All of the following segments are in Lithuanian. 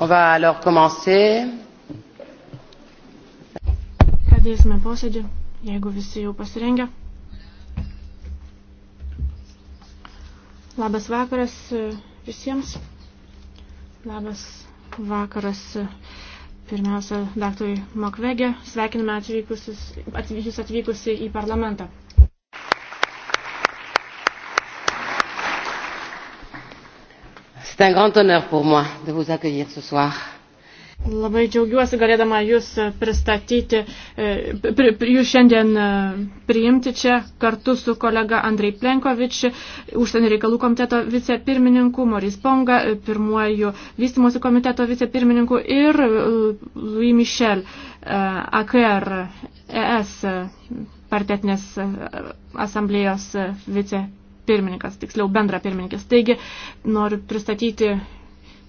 On va alors commencer. Pradėsime posėdį, jeigu visi jau pasirengę. Labas vakaras e, visiems. Labas vakaras e, pirmiausia daktarui Makvegė. Sveikiname atvykusius, atvykus atvykusi į parlamentą. C'est un grand honneur pour moi de vous accueillir ce soir. Labai džiaugiuosi galėdama Jūs e, pristatyti, e, Jūs šiandien e, priimti čia kartu su kolega Andrei Plenkovič, užsienio reikalų komiteto vicepirmininku, Moris Ponga, pirmuoju vystimosi komiteto vicepirmininku ir Louis Michel, AKR, ES partetinės asamblėjos vicepirmininku pirmininkas, tiksliau bendra pirmininkis. Taigi noriu pristatyti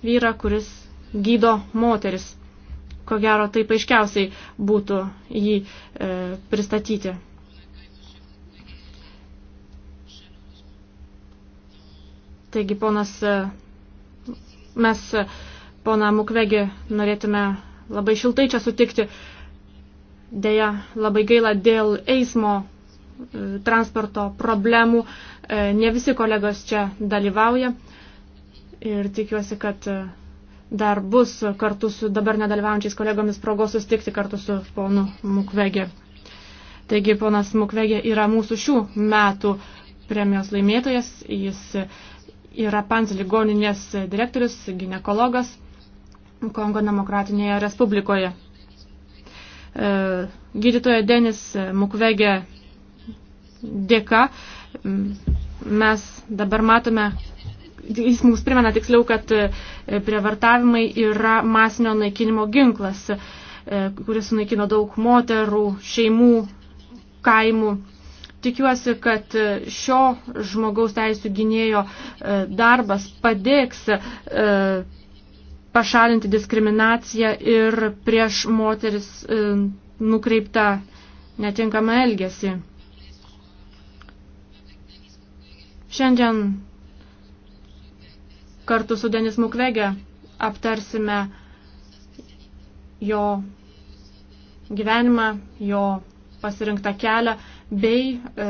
vyrą, kuris gydo moteris. Ko gero, taip aiškiausiai būtų jį e, pristatyti. Taigi, ponas, e, mes e, pona Mukvegi norėtume labai šiltai čia sutikti. Deja, labai gaila dėl eismo transporto problemų. E, ne visi kolegos čia dalyvauja ir tikiuosi, kad e, dar bus kartu su dabar nedalyvaujančiais kolegomis progos sustikti kartu su ponu Mukvegė. Taigi ponas Mukvegė yra mūsų šių metų premijos laimėtojas, jis yra Pans ligoninės direktorius, ginekologas Kongo demokratinėje respublikoje. E, gydytoja Denis Mukvegė dėka mes dabar matome, jis mums primena tiksliau, kad e, prievartavimai yra masinio naikinimo ginklas, e, kuris sunaikino daug moterų, šeimų, kaimų. Tikiuosi, kad e, šio žmogaus teisų gynėjo darbas padėks pašalinti diskriminaciją ir prieš moteris nukreiptą netinkamą elgesį. Šiandien kartu su Denis Mukwege aptarsime jo gyvenimą, jo pasirinktą kelią bei e,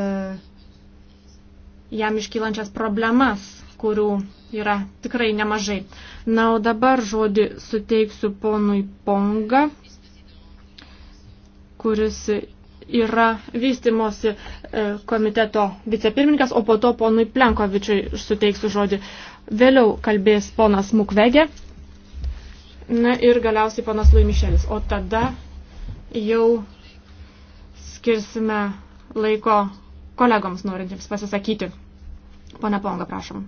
jam iškylančias problemas, kurių yra tikrai nemažai. Na, o dabar žodį suteiksiu ponui Ponga, kuris yra vystimosi e, komiteto vicepirmininkas, o po to ponui Plenkovičiui suteiksiu žodį. Vėliau kalbės ponas Mukvegė na, ir galiausiai ponas Laimišelis. O tada jau skirsime laiko kolegoms norintiems pasisakyti. Pone Ponga, prašom.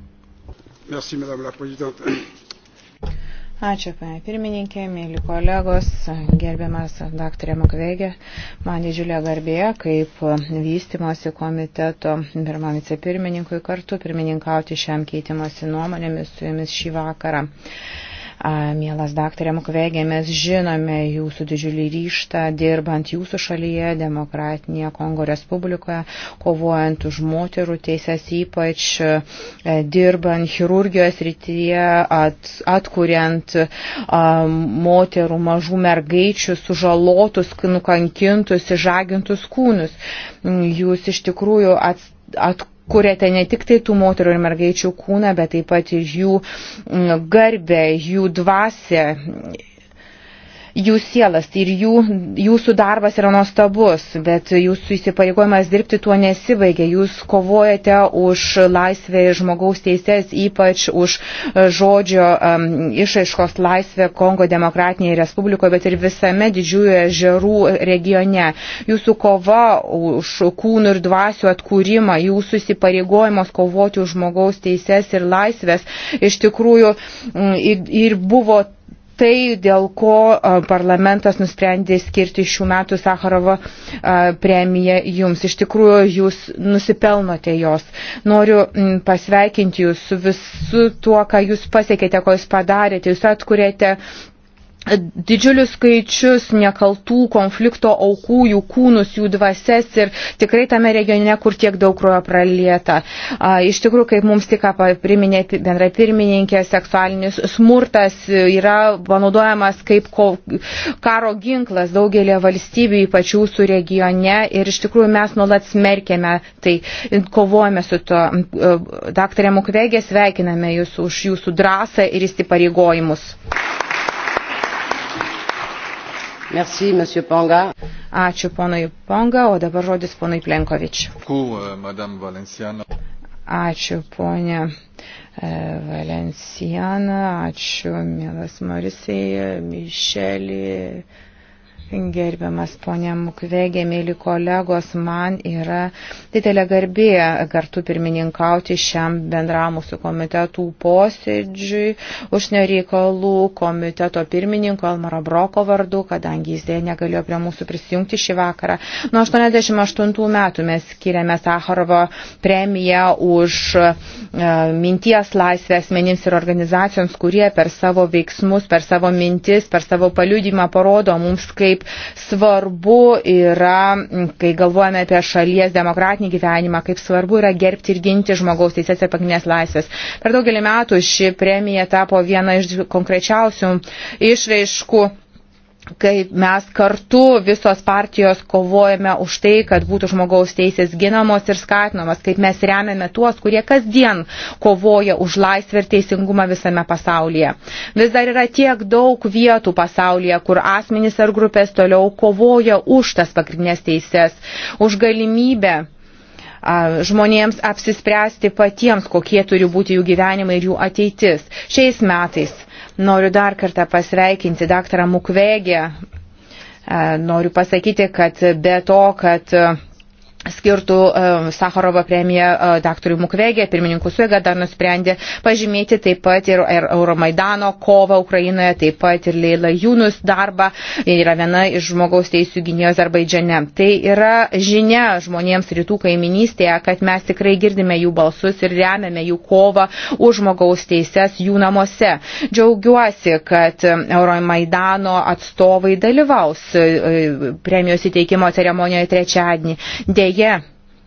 Merci, madame la présidente. Ačiū, panė pirmininkė, mėly kolegos, gerbiamas daktarė Makvegė. Man didžiulė garbė, kaip vystimosi komiteto pirmam vicepirmininkui kartu pirmininkauti šiam keitimosi nuomonėmis su jumis šį vakarą. Mielas daktarė Mukvegė, mes žinome jūsų didžiulį ryštą dirbant jūsų šalyje, Demokratinėje Kongo Respublikoje, kovojant už moterų teisės, ypač e, dirbant chirurgijos rytyje, at, atkuriant a, moterų mažų mergaičių sužalotus, nukankintus, įžagintus kūnus. Jūs iš tikrųjų atstovate at, kuriate ne tik tai tų moterų ir mergaičių kūną, bet taip pat ir jų mm, garbę, jų dvasę jų sielas ir jų, jūsų darbas yra nuostabus, bet jūsų įsipareigojimas dirbti tuo nesibaigia. Jūs kovojate už laisvę ir žmogaus teises, ypač už e, žodžio um, išaiškos laisvę Kongo demokratinėje Respublikoje, bet ir visame didžiųjų žerų regione. Jūsų kova už kūnų ir dvasių atkūrimą, jūsų įsipareigojimas kovoti už žmogaus teises ir laisvės iš tikrųjų ir buvo tai, dėl ko parlamentas nusprendė skirti šių metų Sakarovo premiją jums. Iš tikrųjų, jūs nusipelnote jos. Noriu pasveikinti jūs su visu tuo, ką jūs pasiekėte, ko jūs padarėte. Jūs atkuriate didžiulius skaičius nekaltų konflikto aukų, jų kūnus, jų dvases ir tikrai tame regione, kur tiek daug kruojo pralieta. Iš tikrųjų, kaip mums tik priminė bendra pirmininkė, seksualinis smurtas yra panaudojamas kaip karo ginklas daugelį valstybių, ypač jūsų regione ir iš tikrųjų mes nuolat smerkėme, tai kovojame su to. E, daktarė Mukvegė, sveikiname jūs už jūsų drąsą ir įsipareigojimus. Merci, Ačiū ponui Ponga, o dabar žodis ponui Plenkovič. E, ačiū ponė e, Valenciana, ačiū mielas Marisai, Mišelį. Gerbiamas ponė Mukvegė, mėly kolegos, man yra didelė garbė kartu pirmininkauti šiam bendram mūsų komitetų posėdžiui užsienio reikalų komiteto pirmininko Almaro Broko vardu, kadangi jis dėja negalėjo prie mūsų prisijungti šį vakarą. Nuo 88 metų mes skiriame Sakarovo premiją už e, minties laisvę asmenims ir organizacijoms, kurie per savo veiksmus, per savo mintis, per savo paliudimą parodo mums, kaip kaip svarbu yra, kai galvojame apie šalies demokratinį gyvenimą, kaip svarbu yra gerbti ir ginti žmogaus teisės ir pagrindinės laisvės. Per daugelį metų ši premija tapo viena iš konkrečiausių išraiškų kaip mes kartu visos partijos kovojame už tai, kad būtų žmogaus teisės ginamos ir skatinamas, kaip mes remiame tuos, kurie kasdien kovoja už laisvę ir teisingumą visame pasaulyje. Vis dar yra tiek daug vietų pasaulyje, kur asmenys ar grupės toliau kovoja už tas pagrindinės teises, už galimybę žmonėms apsispręsti patiems, kokie turi būti jų gyvenimai ir jų ateitis. Šiais metais Noriu dar kartą pasveikinti daktarą Mukvegę. E, noriu pasakyti, kad be to, kad skirtų e, Sakharovo premiją e, daktarui Mukvegė, pirmininkų suėga dar nusprendė pažymėti taip pat ir Euromaidano kovą Ukrainoje, taip pat ir Leila Junus darbą, yra viena iš žmogaus teisų gynėjo Azerbaidžiane. Tai yra žinia žmonėms rytų kaiminystėje, kad mes tikrai girdime jų balsus ir remiame jų kovą už žmogaus teises jų namuose. Džiaugiuosi, kad Euromaidano atstovai dalyvaus e, premijos įteikimo ceremonijoje trečiadienį. Dėja, Deja,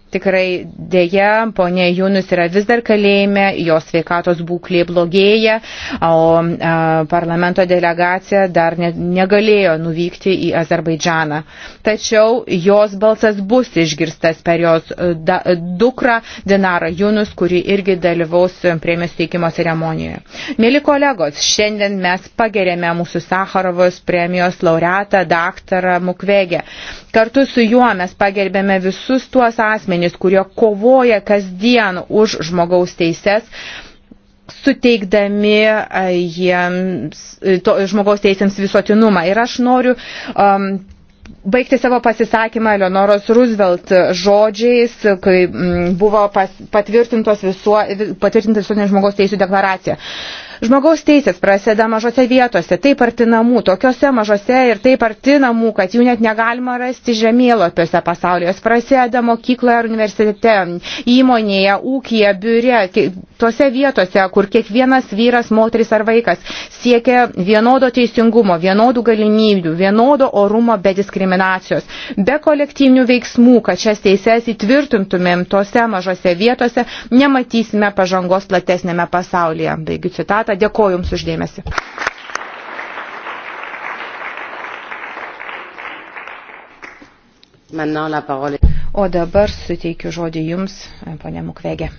tikrai dėja, ponė Junus yra vis dar kalėjime, jos sveikatos būklė blogėja, o a, parlamento delegacija dar ne, negalėjo nuvykti į Azerbaidžaną. Tačiau jos balsas bus išgirstas per jos da, dukrą Dinarą Junus, kuri irgi dalyvaus premijos teikimo ceremonijoje. Mėly kolegos, šiandien mes pagerėme mūsų Sakarovos premijos laureatą, daktarą Mukvegę. Kartu su juo mes pagerbėme visus tuos asmenys, kurie kovoja kasdien už žmogaus teises suteikdami e, jiems e, to, žmogaus teisėms visotinumą. Ir aš noriu um, baigti savo pasisakymą Eleonoros Roosevelt žodžiais, kai mm, buvo pas, patvirtintos visuo, patvirtinta visuotinė žmogaus teisų deklaracija. Uh, Žmogaus teisės prasideda mažose vietose, taip arti namų, tokiuose mažose ir taip arti namų, kad jų net negalima rasti žemėlapiuose pasaulyje. Jos prasideda mokykloje ar universitete, įmonėje, ūkija, biure, tose vietose, kur kiekvienas vyras, moteris ar vaikas siekia vienodo teisingumo, vienodų galimybių, vienodo orumo be diskriminacijos, be kolektyvinių veiksmų, kad šias teises įtvirtintumėm tose mažose vietose, nematysime pažangos platesnėme pasaulyje. Baigiu citatą biudžetą. Dėkoju Jums uždėmesi. O dabar suteikiu žodį Jums, ponė Mukvegė.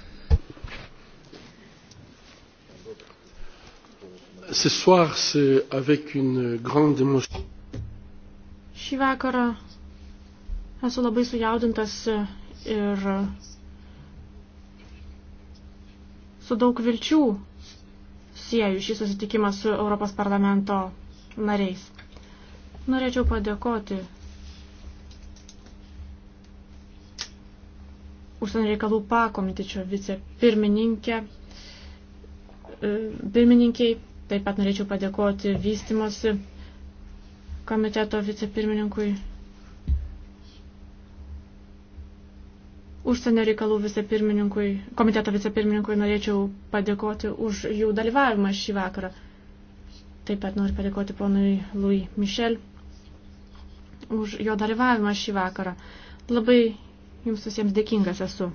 Ce soir, c'est avec une grande émotion. Šį vakarą esu labai sujaudintas ir su daug vilčių sieju šį susitikimą su Europos parlamento nariais. Norėčiau padėkoti užsienio reikalų pakomitečio vicepirmininkė, e, pirmininkiai, taip pat norėčiau padėkoti vystimosi komiteto vicepirmininkui užsienio reikalų vicepirmininkui, komiteto vicepirmininkui norėčiau padėkoti už jų dalyvavimą šį vakarą. Taip pat noriu padėkoti ponui Louis Michel už jo dalyvavimą šį vakarą. Labai jums visiems dėkingas esu.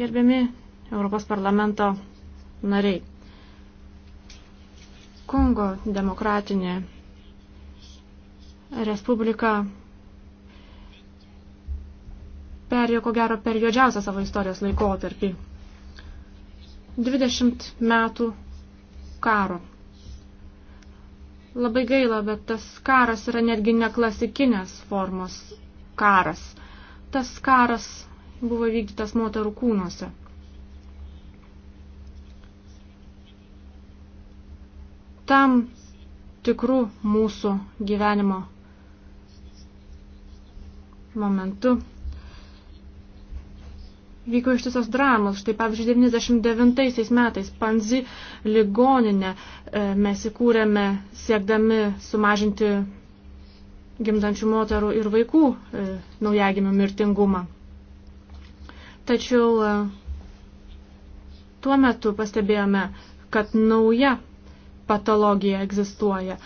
Gerbiami Europos parlamento nariai. Kongo demokratinė Respublika perėjo ko gero per juodžiausią savo istorijos laikotarpį. 20 metų karo. Labai gaila, bet tas karas yra netgi neklasikinės formos karas. Tas karas buvo vykdytas moterų kūnuose. Tam tikrų mūsų gyvenimo momentu vyko ištisos dramos. Štai pavyzdžiui, 99 metais Panzi ligoninę e, mes įkūrėme siekdami sumažinti gimdančių moterų ir vaikų e, naujagimių mirtingumą. Tačiau e, tuo metu pastebėjome, kad nauja patologija egzistuoja.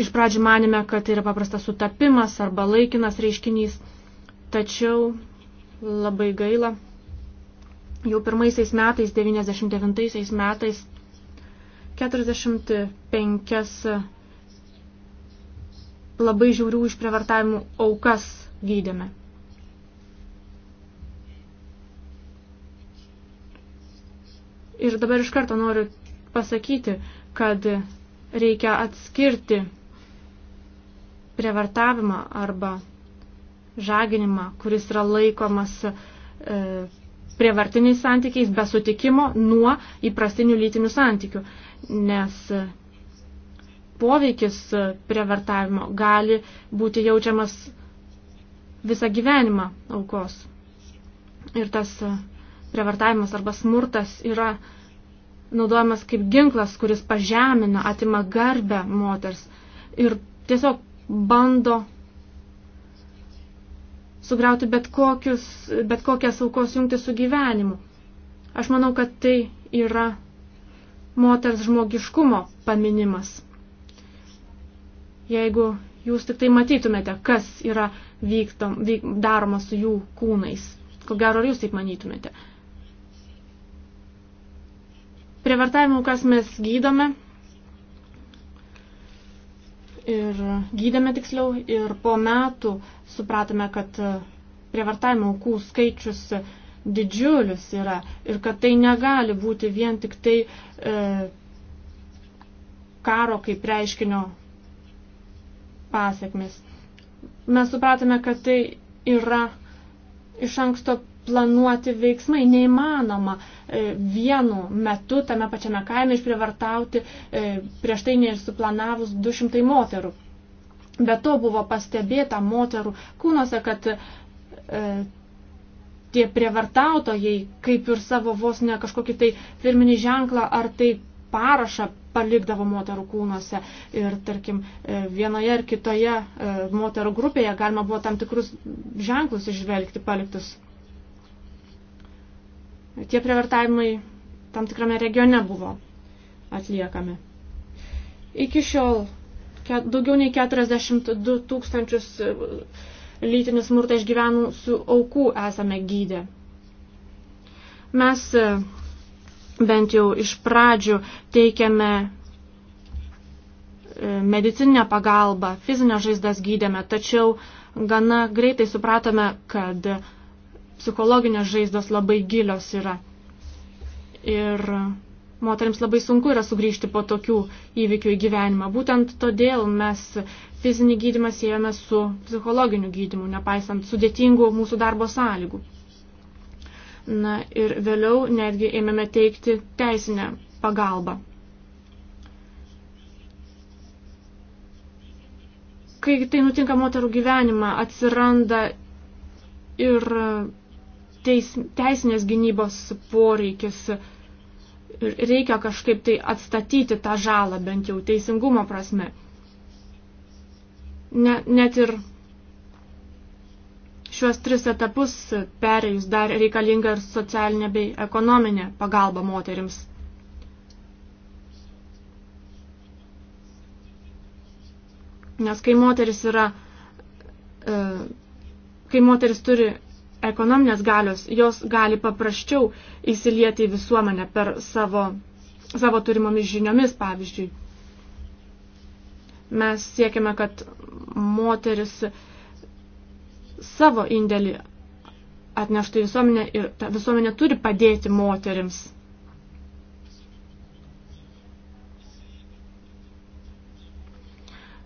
Iš pradžių manėme, kad tai yra paprastas sutapimas arba laikinas reiškinys, tačiau Labai gaila. Jau pirmaisiais metais, 99 metais, 45 labai žiaurių išprievartavimų aukas gydėme. Ir dabar iš karto noriu pasakyti, kad reikia atskirti prievartavimą arba žaginimą, kuris yra laikomas e, prievartiniais santykiais be sutikimo nuo įprastinių lytinių santykių, nes e, poveikis e, prievartavimo gali būti jaučiamas visą gyvenimą aukos. Ir tas e, prievartavimas arba smurtas yra naudojamas kaip ginklas, kuris pažemina, atima garbę moters ir tiesiog bando sugriauti bet, kokius, bet kokias aukos jungti su gyvenimu. Aš manau, kad tai yra moters žmogiškumo paminimas. Jeigu jūs tik tai matytumėte, kas yra vyktam, vyk, daroma su jų kūnais, ko gero jūs taip manytumėte. Prievartavimu, kas mes gydome, ir gydėme tiksliau ir po metų supratome, kad prievartavimo aukų skaičius didžiulis yra ir kad tai negali būti vien tik tai e, karo kaip reiškinio pasiekmes. Mes supratome, kad tai yra iš anksto planuoti veiksmai. Neįmanoma e, vienu metu tame pačiame kaime išprivartauti e, prieš tai nesuplanavus 200 moterų. Be to buvo pastebėta moterų kūnose, kad e, tie prievartautojai, kaip ir savo vos ne kažkokį tai firminį ženklą ar tai parašą palikdavo moterų kūnuose. Ir tarkim, e, vienoje ar kitoje moterų grupėje galima buvo tam tikrus ženklus išvelgti paliktus tie prievartavimai tam tikrame regione buvo atliekami. Iki šiol daugiau nei 42 tūkstančius e, lytinį smurtą išgyvenusių aukų esame gydę. Mes e, bent jau iš pradžių teikiame e, medicinę pagalbą, fizinę žaizdas gydėme, tačiau gana greitai supratome, kad psichologinės žaizdos labai gilios yra. Ir moteriams labai sunku yra sugrįžti po tokių įvykių į gyvenimą. Būtent todėl mes fizinį gydymą siejame su psichologiniu gydymu, nepaisant sudėtingų mūsų darbo sąlygų. Na ir vėliau netgi ėmėme teikti teisinę pagalbą. Kai tai nutinka moterų gyvenimą, atsiranda ir teis, teisinės gynybos poreikis. Reikia kažkaip tai atstatyti tą žalą, bent jau teisingumo prasme. Ne, net ir šiuos tris etapus perėjus dar reikalinga ir socialinė bei ekonominė pagalba moterims. Nes kai moteris yra, e, kai moteris turi ekonominės galios, jos gali paprasčiau įsilieti į visuomenę per savo, savo turimomis žiniomis, pavyzdžiui. Mes siekiame, kad moteris savo indėlį atneštų į visuomenę ir ta visuomenė turi padėti moterims.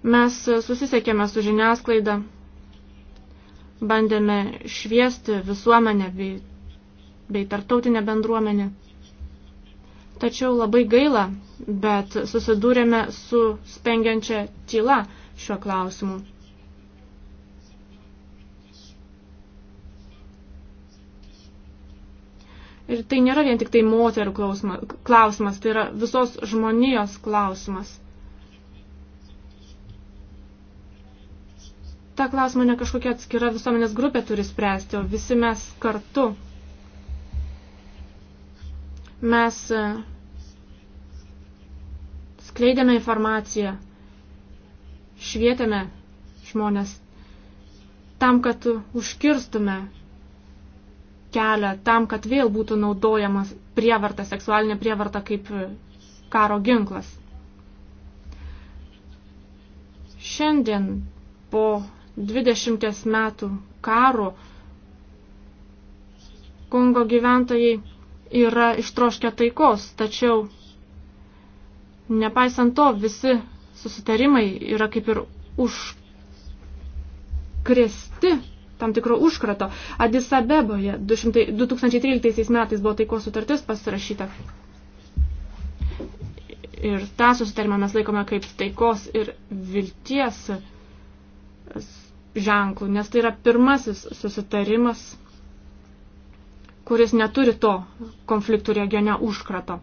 Mes susisiekėme su žiniasklaida bandėme šviesti visuomenę bei, bei tartautinę bendruomenę. Tačiau labai gaila, bet susidūrėme su spengiančia tyla šiuo klausimu. Ir tai nėra vien tik tai moterų klausimas, klausimas tai yra visos žmonijos klausimas. tą klausimą ne kažkokia atskira visuomenės grupė turi spręsti, o visi mes kartu. Mes e, skleidėme informaciją, švietėme žmonės tam, kad užkirstume kelią, tam, kad vėl būtų naudojamas prievarta, seksualinė prievarta kaip e, karo ginklas. Šiandien po 20 metų karo Kongo gyventojai yra ištroškę taikos, tačiau nepaisant to visi susitarimai yra kaip ir užkresti tam tikro užkrato. Adis Abeboje 2013 metais buvo taikos sutartis pasirašyta. Ir tą susitarimą mes laikome kaip taikos ir vilties ženklų, nes tai yra pirmasis susitarimas, kuris neturi to konfliktų regione užkrato.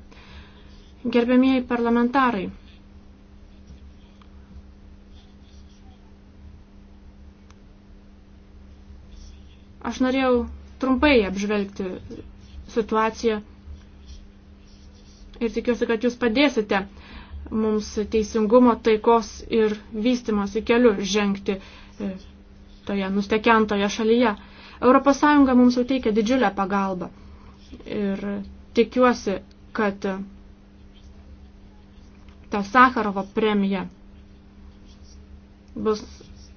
Gerbėmieji parlamentarai, aš norėjau trumpai apžvelgti situaciją ir tikiuosi, kad jūs padėsite mums teisingumo, taikos ir vystimosi keliu žengti e, toje nustekiantoje šalyje. ES mums jau teikia didžiulę pagalbą ir tikiuosi, kad ta Sakarovo premija bus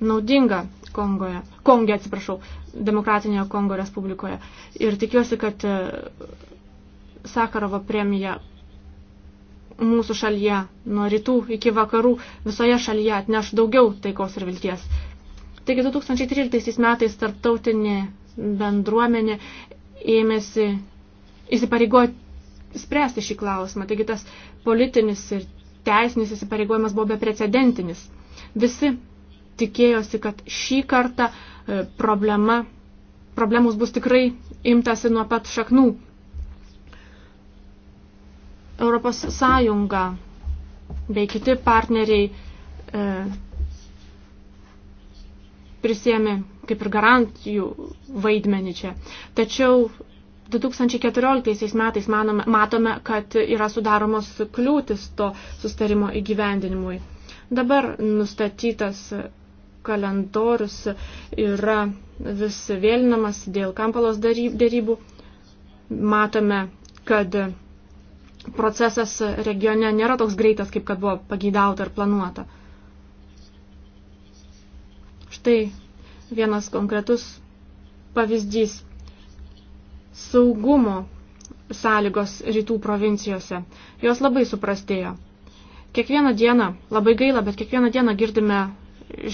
naudinga Kongoje, Konge atsiprašau, Demokratinėje Kongo Respublikoje. Ir tikiuosi, kad e, Sakarovo premija mūsų šalyje, nuo rytų iki vakarų, visoje šalyje atneš daugiau taikos ir vilties. Taigi 2013 metais tarptautinė bendruomenė ėmėsi įsipareigojo spręsti šį klausimą. Taigi tas politinis ir teisinis įsipareigojimas buvo beprecedentinis. Visi tikėjosi, kad šį kartą e, problema, problemus bus tikrai imtasi nuo pat šaknų. Europos Sąjunga bei kiti partneriai e, prisėmė kaip ir garantijų vaidmenį čia. Tačiau 2014 metais manome, matome, kad yra sudaromos kliūtis to sustarimo įgyvendinimui. Dabar nustatytas kalendorius yra vis vėlinamas dėl kampalos dėrybų. Matome, kad procesas regione nėra toks greitas, kaip kad buvo pageidauta ar planuota. Štai vienas konkretus pavyzdys - saugumo sąlygos rytų provincijose. Jos labai suprastėjo. Kiekvieną dieną, labai gaila, bet kiekvieną dieną girdime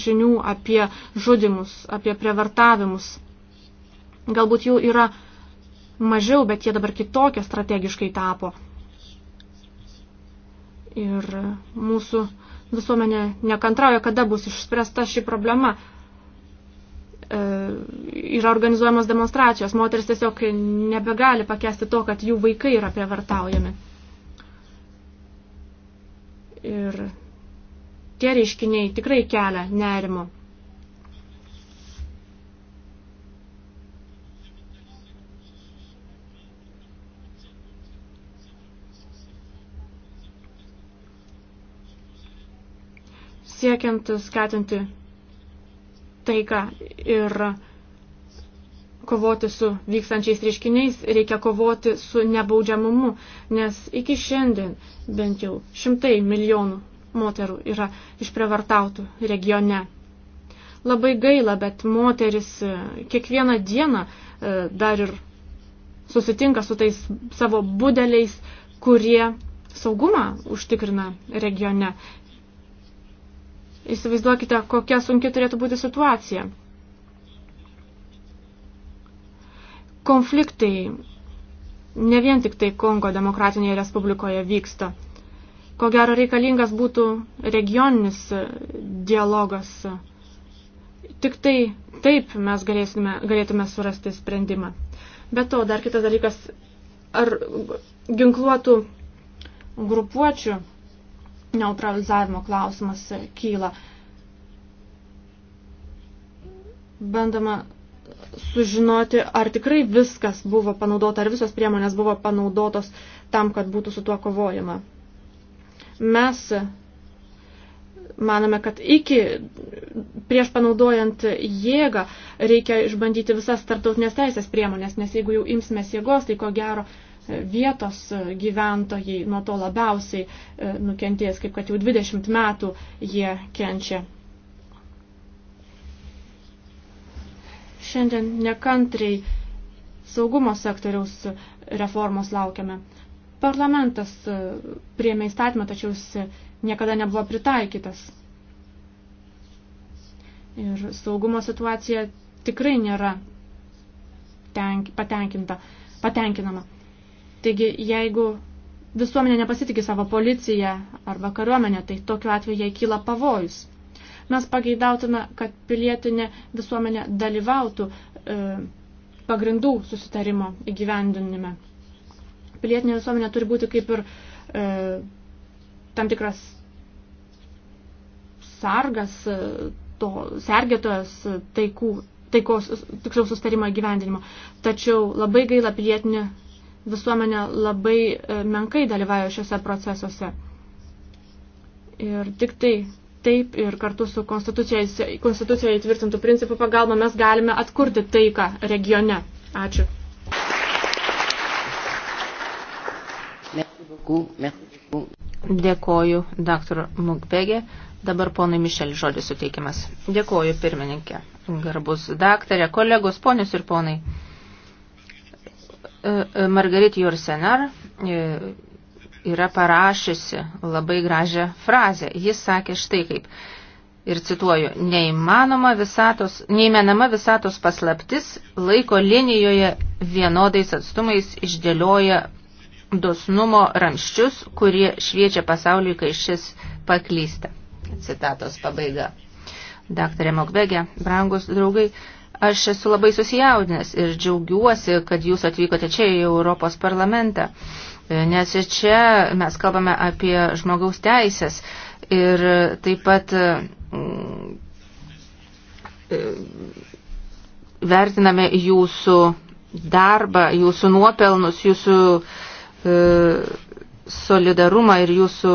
žinių apie žudimus, apie prievartavimus. Galbūt jų yra mažiau, bet jie dabar kitokie strategiškai tapo. Ir mūsų uh, Visuomenė nekantrauja, kada bus išspręsta ši problema. E, yra organizuojamos demonstracijos, moteris tiesiog nebegali pakesti to, kad jų vaikai yra prievartaujami. Ir tie reiškiniai tikrai kelia nerimo. siekiant skatinti taiką ir kovoti su vykstančiais reiškiniais, reikia kovoti su nebaudžiamumu, nes iki šiandien bent jau šimtai milijonų moterų yra išprevartautų regione. Labai gaila, bet moteris e, kiekvieną dieną e, dar ir susitinka su tais savo budeliais, kurie saugumą užtikrina regione. Įsivaizduokite, kokia sunki turėtų būti situacija. Konfliktai ne vien tik tai Kongo demokratinėje respublikoje vyksta. Ko gero reikalingas būtų regioninis dialogas. Tik tai taip mes galėsime, galėtume surasti sprendimą. Be to, dar kitas dalykas, ar ginkluotų grupuočių neutralizavimo klausimas e, kyla. Bandama sužinoti, ar tikrai viskas buvo panaudota, ar visos priemonės buvo panaudotos tam, kad būtų su tuo kovojama. Mes manome, kad iki prieš panaudojant jėgą reikia išbandyti visas tarptautinės teisės priemonės, nes jeigu jau imsimės jėgos, tai ko gero uh, vietos gyventojai nuo to labiausiai e, nukentės, kaip kad jau 20 metų jie kenčia. Šiandien nekantriai saugumo sektoriaus reformos laukiame. Parlamentas e, priėmė įstatymą, tačiau jis niekada nebuvo pritaikytas. Ir saugumo situacija tikrai nėra tenk, patenkinta, patenkinama. Taigi, jeigu visuomenė nepasitikė savo policiją arba kariuomenę, tai tokiu atveju jai kyla pavojus. Mes pageidautume, kad pilietinė visuomenė dalyvautų e, pagrindų susitarimo įgyvendinime. Pilietinė visuomenė turi būti kaip ir e, tam tikras sargas, e, to sergėtojas taikų, taikos, tiksliau sustarimo įgyvendinimo. Tačiau labai gaila pilietinė visuomenė labai e, menkai dalyvauja šiuose procesuose. Ir tik tai taip ir kartu su konstitucijoje įtvirtintų principų pagalba mes galime atkurti taiką regione. Ačiū. Dėkoju, dr. Mukbegė. Dabar ponui Mišel žodis suteikiamas. Dėkoju, pirmininkė. Garbus daktarė, kolegos, ponius ir ponai. E, Margarit Jursenar e, yra parašiusi labai gražią frazę. Jis sakė štai kaip. Ir cituoju, neįmanoma visatos, neįmenama visatos paslaptis laiko linijoje vienodais atstumais išdėlioja dosnumo ramščius, kurie šviečia pasauliui, kai šis paklysta. Citatos pabaiga. Daktarė Mokbegė, brangus draugai, Aš esu labai susijaudinęs ir džiaugiuosi, kad jūs atvykote čia į Europos parlamentą, e, nes čia mes kalbame apie žmogaus teisės ir taip pat e, e, vertiname jūsų darbą, jūsų nuopelnus, jūsų solidarumą ir jūsų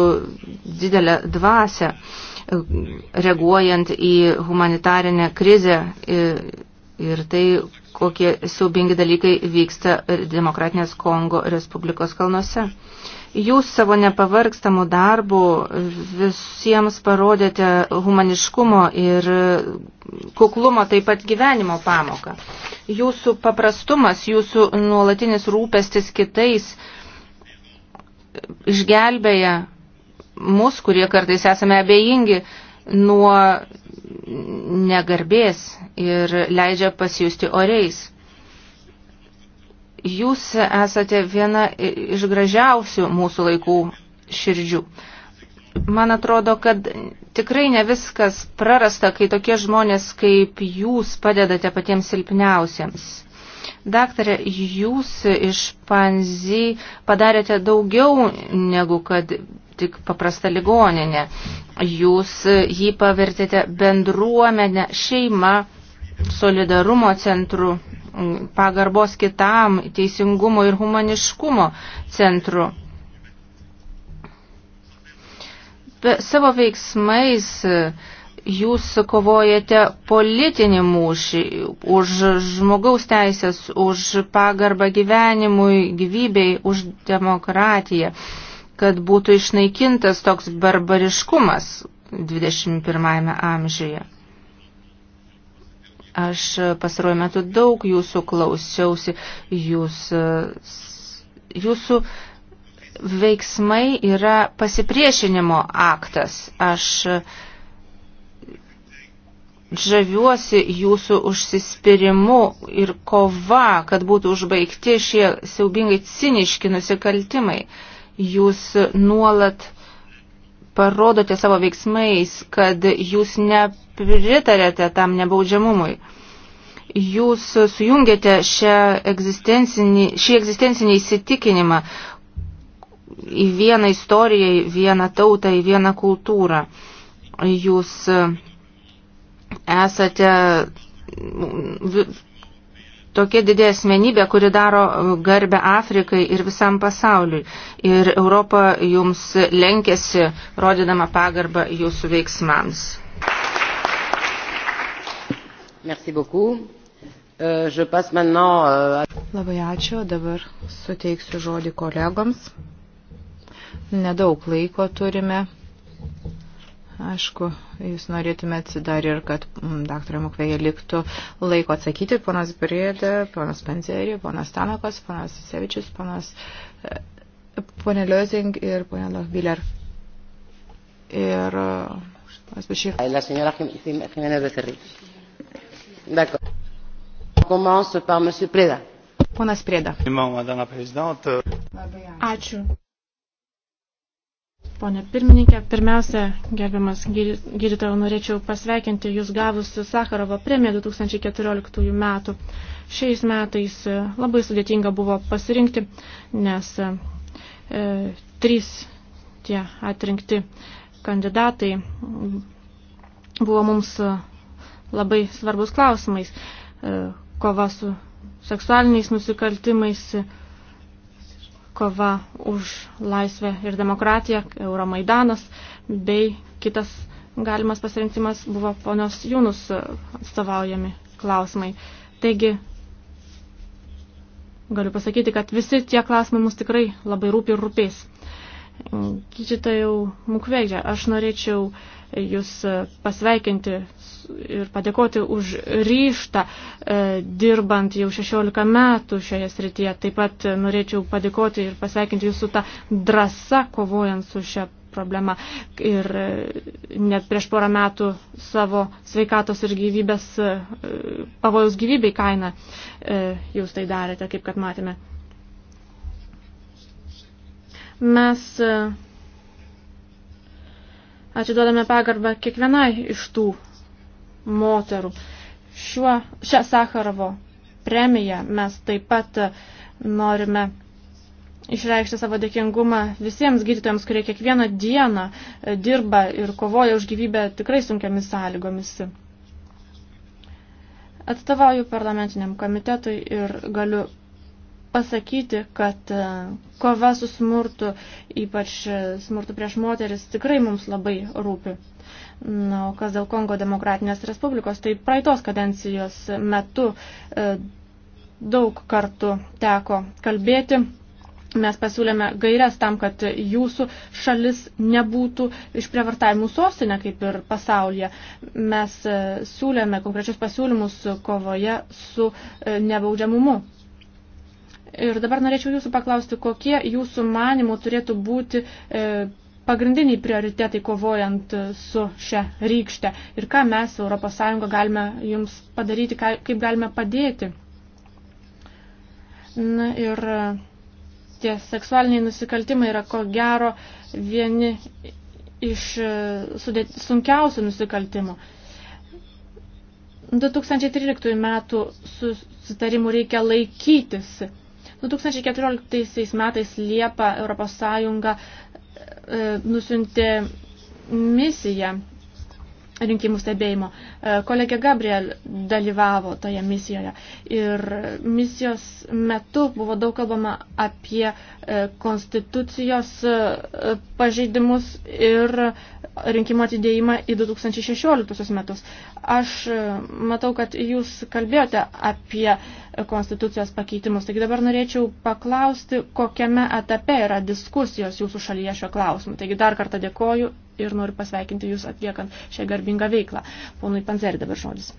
didelę dvasę reaguojant į humanitarinę krizę ir tai, kokie siaubingi dalykai vyksta Demokratinės Kongo Respublikos kalnuose. Jūs savo nepavargstamų darbų visiems parodėte humaniškumo ir kuklumo taip pat gyvenimo pamoką. Jūsų paprastumas, jūsų nuolatinis rūpestis kitais išgelbėja mus, kurie kartais esame abejingi nuo negarbės ir leidžia pasijusti oriais. Jūs esate viena iš gražiausių mūsų laikų širdžių. Man atrodo, kad tikrai ne viskas prarasta, kai tokie žmonės kaip jūs padedate patiems silpniausiems. Daktarė, jūs iš Panzy padarėte daugiau negu kad tik paprasta ligoninė. Jūs jį pavertėte bendruomenę, šeimą, solidarumo centru, pagarbos kitam, teisingumo ir humaniškumo centru. Be savo veiksmais e, jūs kovojate politinį mūšį už žmogaus teisės, už pagarbą gyvenimui, gyvybei, už demokratiją kad būtų išnaikintas toks barbariškumas 21 amžiuje. Aš pastaruoju metu daug jūsų klausiausi, jūs, jūsų veiksmai yra pasipriešinimo aktas. Aš žaviuosi jūsų užsispirimu ir kova, kad būtų užbaigti šie siaubingai ciniški nusikaltimai. Jūs nuolat parodote savo veiksmais, kad jūs nepritarėte tam nebaudžiamumui. Jūs sujungėte šią egzistencinį, šį egzistencinį įsitikinimą į vieną istoriją, į vieną tautą, į vieną kultūrą. Jūs e, esate tokia didė asmenybė, kuri daro e, garbę Afrikai ir visam pasauliui. Ir Europa jums lenkėsi, rodydama pagarbą jūsų veiksmams. Merci beaucoup. Euh, je passe maintenant... Euh, Labai ačiū, dabar suteiksiu žodį kolegoms. Nedaug laiko turime. Aišku, jūs norėtumėt dar ir, kad mm, daktarė Mukvėje liktų laiko atsakyti. Ponas Brėdė, ponas Panzerį, ponas Tanakas, ponas Sevičius, ponas e, ponė Liozing ir ponė Lochbiller. Ir e, ponas Bešir. La señora Jiménez Becerri. D'accord. Commence par monsieur Preda. Ponas Preda. Madame la présidente. Ačiū. Pone pirmininkė, pirmiausia, gerbiamas gydytojau, norėčiau pasveikinti Jūs gavus Sakarovo premiją 2014 metų. Šiais metais e, labai sudėtinga buvo pasirinkti, nes e, e, trys tie atrinkti kandidatai buvo mums e, labai svarbus klausimais. E, kova su seksualiniais nusikaltimais, e, kova už laisvę ir demokratiją, Euromaidanas bei kitas galimas pasirinkimas buvo ponios Junus atstovaujami klausimai. Taigi, galiu pasakyti, kad visi tie klausimai mus tikrai labai rūpi ir rūpės. Gydytojau Mukvežė, aš norėčiau uh, jūs e, pasveikinti ir padėkoti už ryštą e, dirbant jau 16 metų šioje srityje. Taip pat norėčiau padėkoti ir pasveikinti jūsų tą drąsą kovojant su šią problemą. Ir e, net prieš porą metų savo sveikatos ir gyvybės, pavojaus gyvybei kainą jūs tai darėte, kaip kad matėme. Mes atiduodame pagarbą kiekvienai iš tų moterų. Šiuo, šią Sakarovo premiją mes taip pat norime išreikšti savo dėkingumą visiems gydytojams, kurie kiekvieną dieną dirba ir kovoja už gyvybę tikrai sunkiamis sąlygomis. Atstovauju parlamentiniam komitetui ir galiu pasakyti, kad e, kova su smurtu, ypač e, smurtu prieš moteris, tikrai mums labai rūpi. Na, o kas dėl Kongo demokratinės respublikos, tai praeitos kadencijos metu e, daug kartų teko kalbėti. Mes pasiūlėme gairias tam, kad jūsų šalis nebūtų išprievartavimų sostinė, kaip ir pasaulyje. Mes siūlėme konkrečius pasiūlymus kovoje su nebaudžiamumu Ir dabar norėčiau jūsų paklausti, kokie jūsų manimų turėtų būti e, pagrindiniai prioritetai kovojant su šia rykšte ir ką mes ES galime jums padaryti, kaip galime padėti. Na, ir e, tie seksualiniai nusikaltimai yra ko gero vieni iš e, sudėt, sunkiausių nusikaltimų. 2013 metų susitarimų reikia laikytis 2014 metais Liepa Europos Sąjunga e, nusiuntė misiją rinkimų stebėjimo. E, kolegė Gabriel dalyvavo toje misijoje ir misijos metu buvo daug kalbama apie e, konstitucijos pažeidimus ir rinkimų atidėjimą į 2016 metus. Aš e, matau, kad jūs kalbėjote apie konstitucijos pakeitimus. Taigi dabar norėčiau paklausti, kokiame etape yra diskusijos jūsų šalyje šio klausimu. Taigi dar kartą dėkoju ir noriu pasveikinti jūs atliekant šią garbingą veiklą. Ponui Panzerį dabar žodis.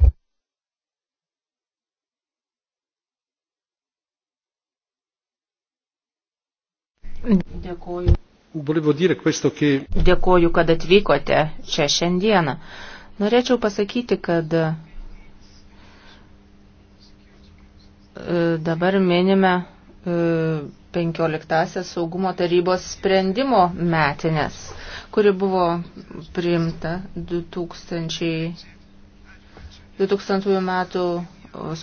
Dėkoju. Dėkoju, kad atvykote čia šiandieną. Norėčiau pasakyti, kad e, dabar minime 15-asias e, saugumo tarybos sprendimo metinės, kuri buvo priimta 2000, 2000 metų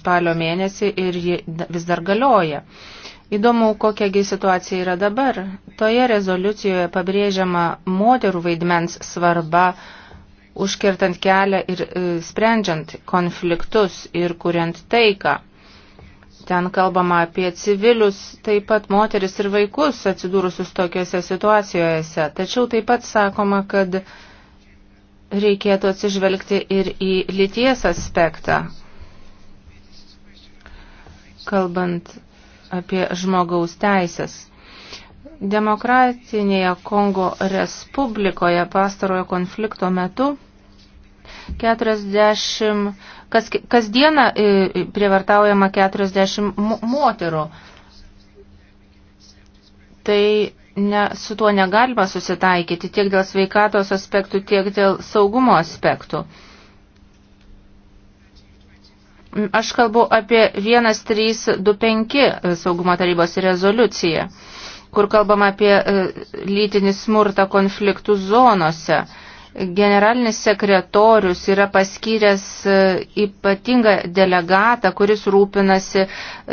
spalio mėnesį ir ji vis dar galioja. Įdomu, kokiagi situacija yra dabar. Toje rezoliucijoje pabrėžiama moterų vaidmens svarba užkirtant kelią ir e, sprendžiant konfliktus ir kuriant taiką. Ten kalbama apie civilius, taip pat moteris ir vaikus atsidūrusius tokiuose situacijose. Tačiau taip pat sakoma, kad reikėtų atsižvelgti ir į lyties aspektą. Kalbant apie žmogaus teisės. Demokratinėje Kongo Respublikoje pastarojo konflikto metu 40, kas, kasdieną e, e, prievartaujama 40 moterų. Tai ne, su tuo negalima susitaikyti tiek dėl sveikatos aspektų, tiek dėl saugumo aspektų. Aš kalbu apie 1325 e, saugumo tarybos rezoliuciją, kur kalbama apie e, lytinį smurtą konfliktų zonose. Generalinis sekretorius yra paskyręs e, ypatingą delegatą, kuris rūpinasi e,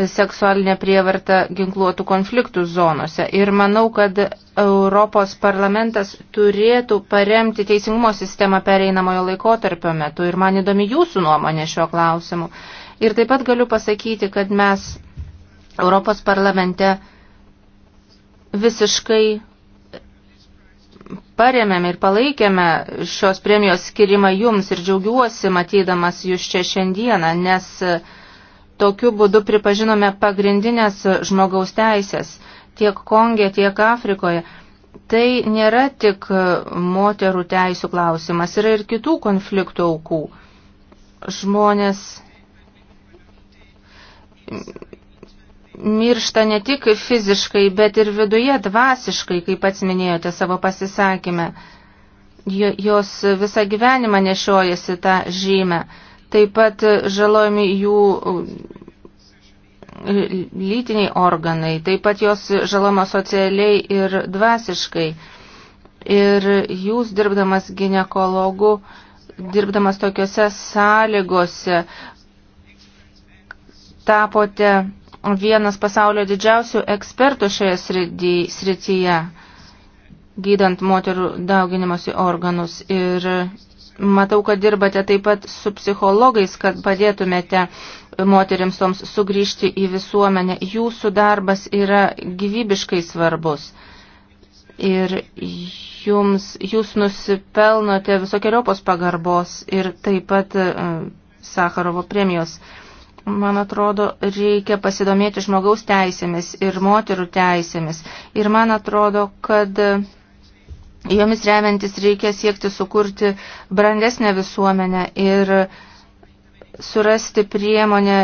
seksualinę prievartą ginkluotų konfliktų zonose. Ir manau, kad Europos parlamentas turėtų paremti teisingumo sistemą pereinamojo laikotarpio metu. Ir man įdomi jūsų nuomonė šiuo klausimu. Ir taip pat galiu pasakyti, kad mes Europos parlamente visiškai paremėme ir palaikėme šios premijos skirimą jums ir džiaugiuosi matydamas jūs čia šiandieną, nes e, tokiu būdu pripažinome pagrindinės žmogaus teisės tiek Kongė, tiek Afrikoje. Tai nėra tik moterų teisų klausimas, yra ir kitų konfliktų aukų. Žmonės miršta ne tik fiziškai, bet ir viduje dvasiškai, kaip pats minėjote savo pasisakymę. Jos visą gyvenimą nešiojasi tą žymę. Taip pat žalojami jų e, lytiniai organai, taip pat jos žaloma socialiai ir dvasiškai. Ir jūs dirbdamas ginekologu, dirbdamas tokiuose sąlygose, tapote vienas pasaulio didžiausių ekspertų šioje srityje, gydant moterų dauginimosi organus. Ir matau, kad dirbate taip pat su psichologais, kad padėtumėte moteriams toms sugrįžti į visuomenę. Jūsų darbas yra gyvybiškai svarbus. Ir jums, jūs nusipelnote visokiojopos pagarbos ir taip pat e, Sakarovo premijos man atrodo, reikia pasidomėti žmogaus teisėmis ir moterų teisėmis. Ir man atrodo, kad jomis remiantis reikia siekti sukurti brandesnę visuomenę ir surasti priemonę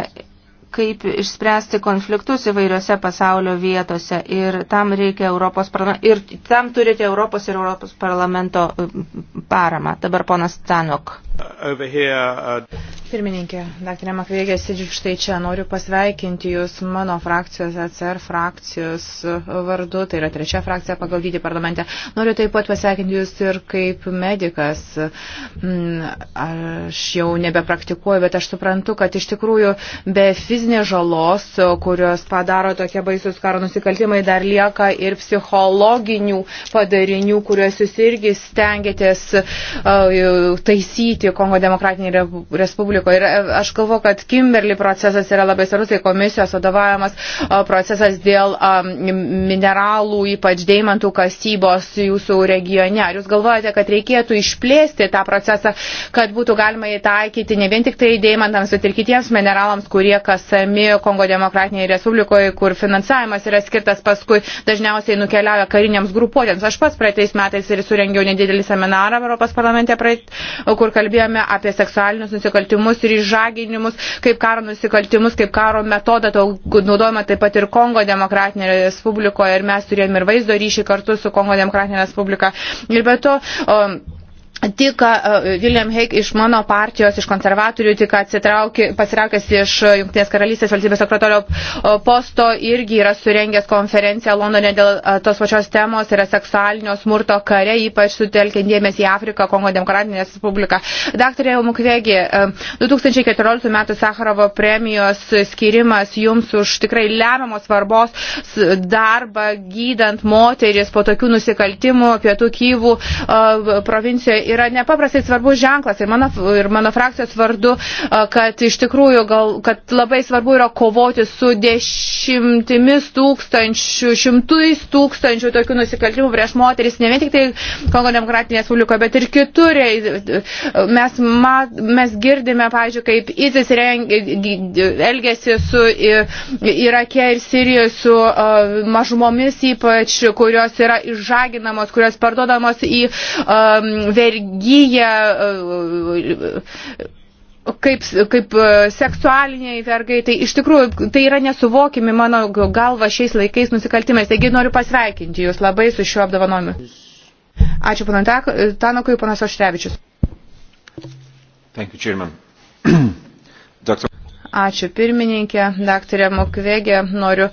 kaip išspręsti konfliktus įvairiose pasaulio vietose ir tam reikia Europos ir tam turite Europos ir Europos parlamento paramą. Dabar ponas Tanok. Uh, Pirmininkė, daktarė Makvėgė, sėdžiu štai čia, noriu pasveikinti Jūs mano frakcijos, ACR frakcijos uh, vardu, tai yra trečia frakcija pagal dydį parlamente. Noriu taip pat pasveikinti Jūs ir kaip medikas. Mm, aš jau nebepraktikuoju, bet aš suprantu, kad iš tikrųjų be fizinio fizinės žalos, kurios padaro tokie baisus karo nusikaltimai, dar lieka ir psichologinių padarinių, kuriuos jūs irgi stengiatės taisyti Kongo demokratinėje Respublikoje. Ir e, aš galvoju, kad Kimberly procesas yra labai svarbus, tai komisijos vadovavimas procesas dėl mineralų, ypač deimantų kasybos jūsų regione. Ar jūs galvojate, kad reikėtų išplėsti tą procesą, kad būtų galima įtaikyti ne vien tik tai deimantams, bet ir kitiems mineralams, kurie kas esami Kongo demokratinėje Respublikoje, kur finansavimas yra skirtas paskui dažniausiai nukeliavę kariniams grupuotėms. Aš pats praeitais metais ir surengiau nedidelį seminarą Europos parlamente, praeit, kur kalbėjome apie seksualinius nusikaltimus ir išžaginimus, kaip karo nusikaltimus, kaip karo metodą naudojama taip pat ir Kongo demokratinėje Respublikoje ir mes turėjome ir vaizdo ryšį kartu su Kongo demokratinė Respublika. Ir be to, um, Tik William Hague iš mano partijos, iš konservatorių, tik pasiraukęs iš Junktinės karalystės valstybės sekretorio posto, irgi yra surengęs konferenciją Londone dėl tos pačios temos, yra seksualinio smurto kare, ypač sutelkiant dėmesį į Afriką, Kongo Demokratinę Respubliką. Daktarė Mukvegi, 2014 m. Sakarovo premijos skirimas jums už tikrai lemiamos svarbos darbą gydant moteris po tokių nusikaltimų pietų Kyvų provincijoje yra nepaprastai svarbus ženklas ir mano, ir mano frakcijos vardu, kad iš tikrųjų gal, kad labai svarbu yra kovoti su dešimtimis tūkstančių, šimtais tūkstančių tokių nusikaltimų prieš moteris, ne vien tik tai Kongo demokratinėje Respublikoje, bet ir kitur. Mes, ma, mes girdime, pavyzdžiui, kaip ISIS elgesi su Irake ir Sirijoje su mažumomis ypač, kurios yra išžaginamos, kurios parduodamos į um, vergį įgyja e, e, kaip, kaip e, seksualiniai vergai, tai iš tikrųjų tai yra nesuvokimi mano galva šiais laikais nusikaltimais. Taigi noriu pasveikinti Jūs labai su šiuo apdovanojimu. Ačiū panu Tanukui, panas Oštrevičius. Ačiū pirmininkė, daktarė Mukvegė, noriu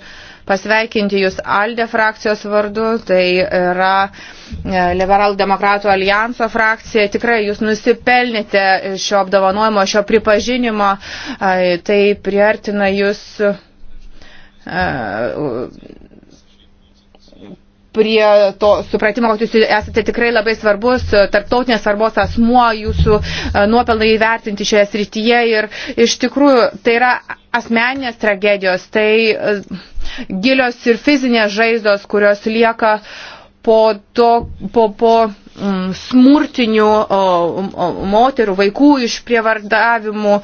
pasveikinti Jūs Alde frakcijos vardu. Tai yra E, Liberalų demokratų alijanso frakcija. Tikrai jūs nusipelnėte šio apdovanojimo, šio pripažinimo. E, tai priartina jūs e, prie to supratimo, kad jūs esate tikrai labai svarbus, tarptautinės svarbos asmuo, jūsų nuopelnai įvertinti šioje srityje ir iš tikrųjų tai yra asmeninės tragedijos, tai gilios ir fizinės žaizdos, kurios lieka uh, po, to, po, po mm, smurtinių o, o, moterų, vaikų išprievardavimų,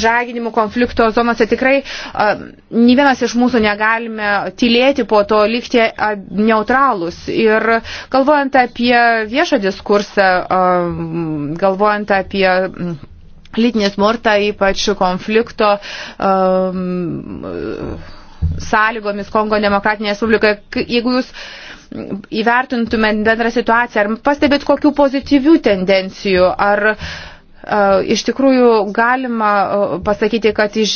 žaginimų konflikto zonose. Tikrai nei vienas iš mūsų negalime tylėti po to, likti neutralus. Ir galvojant apie viešą diskursą, a, galvojant apie mm, lytinį smurtą, ypač konflikto. Um, sąlygomis Kongo demokratinėje Respublikoje. Jeigu jūs uh, įvertintumėt bendrą situaciją, ar pastebėt kokių pozityvių tendencijų, ar e, iš tikrųjų galima e, pasakyti, kad iš,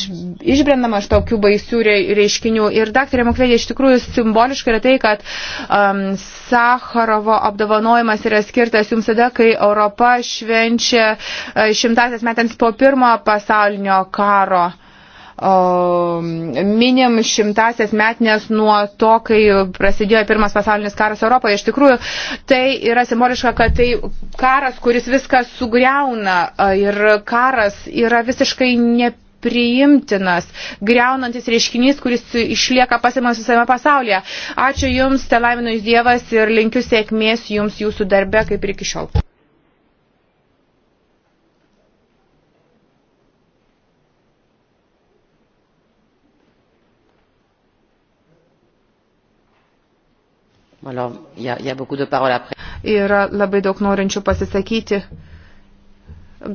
išbrendama iš tokių baisių reiškinių. Ir daktarė Mokvedė, iš tikrųjų simboliškai yra tai, kad um, Sakarovo apdovanojimas yra skirtas jums tada, kai Europa švenčia e, šimtasias metams po pirmo pasaulinio karo minim šimtasias metinės nuo to, kai prasidėjo pirmas pasaulinis karas Europoje. Iš tikrųjų, tai yra simboliška, kad tai karas, kuris viską sugriauna ir karas yra visiškai ne priimtinas, greunantis reiškinys, kuris išlieka pasimas visame pasaulyje. Ačiū Jums, te laiminus Dievas ir linkiu sėkmės Jums jūsų darbe kaip ir iki šiol. Yra labai daug norinčių pasisakyti.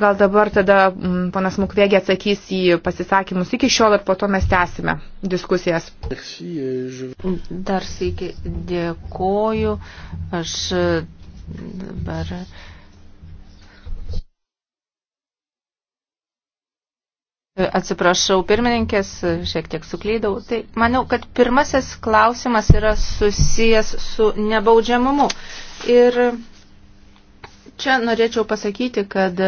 Gal dabar tada mm, panas Mukvėgė atsakys į pasisakymus iki šiol ir po to mes tęsime diskusijas. E, mm, dar sveiki, dėkoju. Aš e, dabar Atsiprašau, pirmininkės, šiek tiek suklydau. Tai manau, kad pirmasis klausimas yra susijęs su nebaudžiamumu. Ir čia norėčiau pasakyti, kad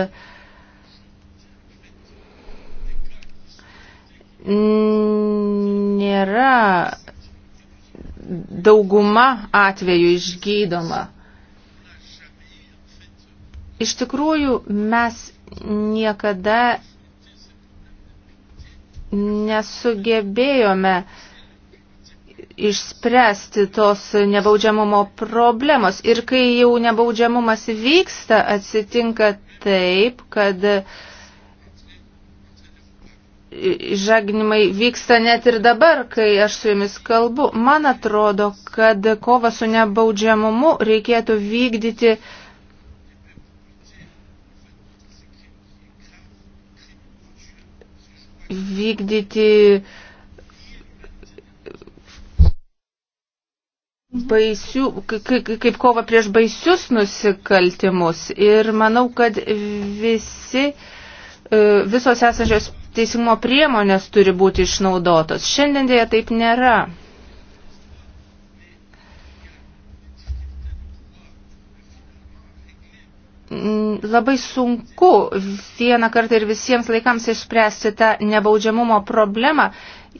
nėra dauguma atvejų išgydoma. Iš tikrųjų, mes niekada nesugebėjome išspręsti tos nebaudžiamumo problemos. Ir kai jau nebaudžiamumas vyksta, atsitinka taip, kad žagnimai vyksta net ir dabar, kai aš su jumis kalbu. Man atrodo, kad kovą su nebaudžiamumu reikėtų vykdyti uh, vykdyti baisių, kaip kova prieš baisius nusikaltimus. Ir manau, kad visi, e, visos esančios teisingumo priemonės turi būti išnaudotos. Šiandien dėja taip nėra. labai sunku vieną kartą ir visiems laikams išspręsti tą nebaudžiamumo problemą,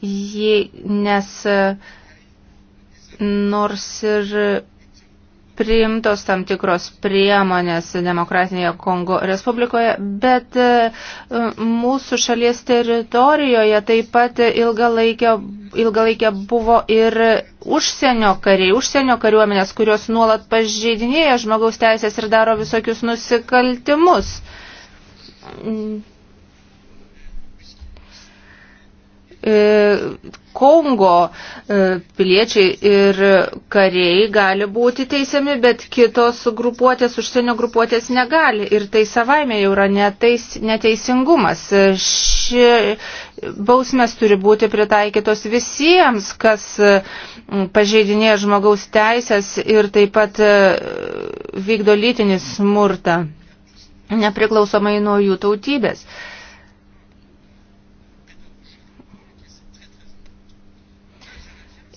jį, nes e, nors ir priimtos tam tikros priemonės demokratinėje Kongo Respublikoje, bet e, mūsų šalies teritorijoje taip pat ilgalaikė, ilgalaikė buvo ir užsienio kariai, užsienio kariuomenės, kurios nuolat pažeidinėja žmogaus teisės ir daro visokius nusikaltimus E, Kongo e, piliečiai ir kariai gali būti teisiami, bet kitos grupuotės, užsienio grupuotės negali. Ir tai savaime jau yra neteis, neteisingumas. Ši bausmės turi būti pritaikytos visiems, kas pažeidinėja žmogaus teisės ir taip pat e, vykdo lytinį smurtą, nepriklausomai nuo jų tautybės.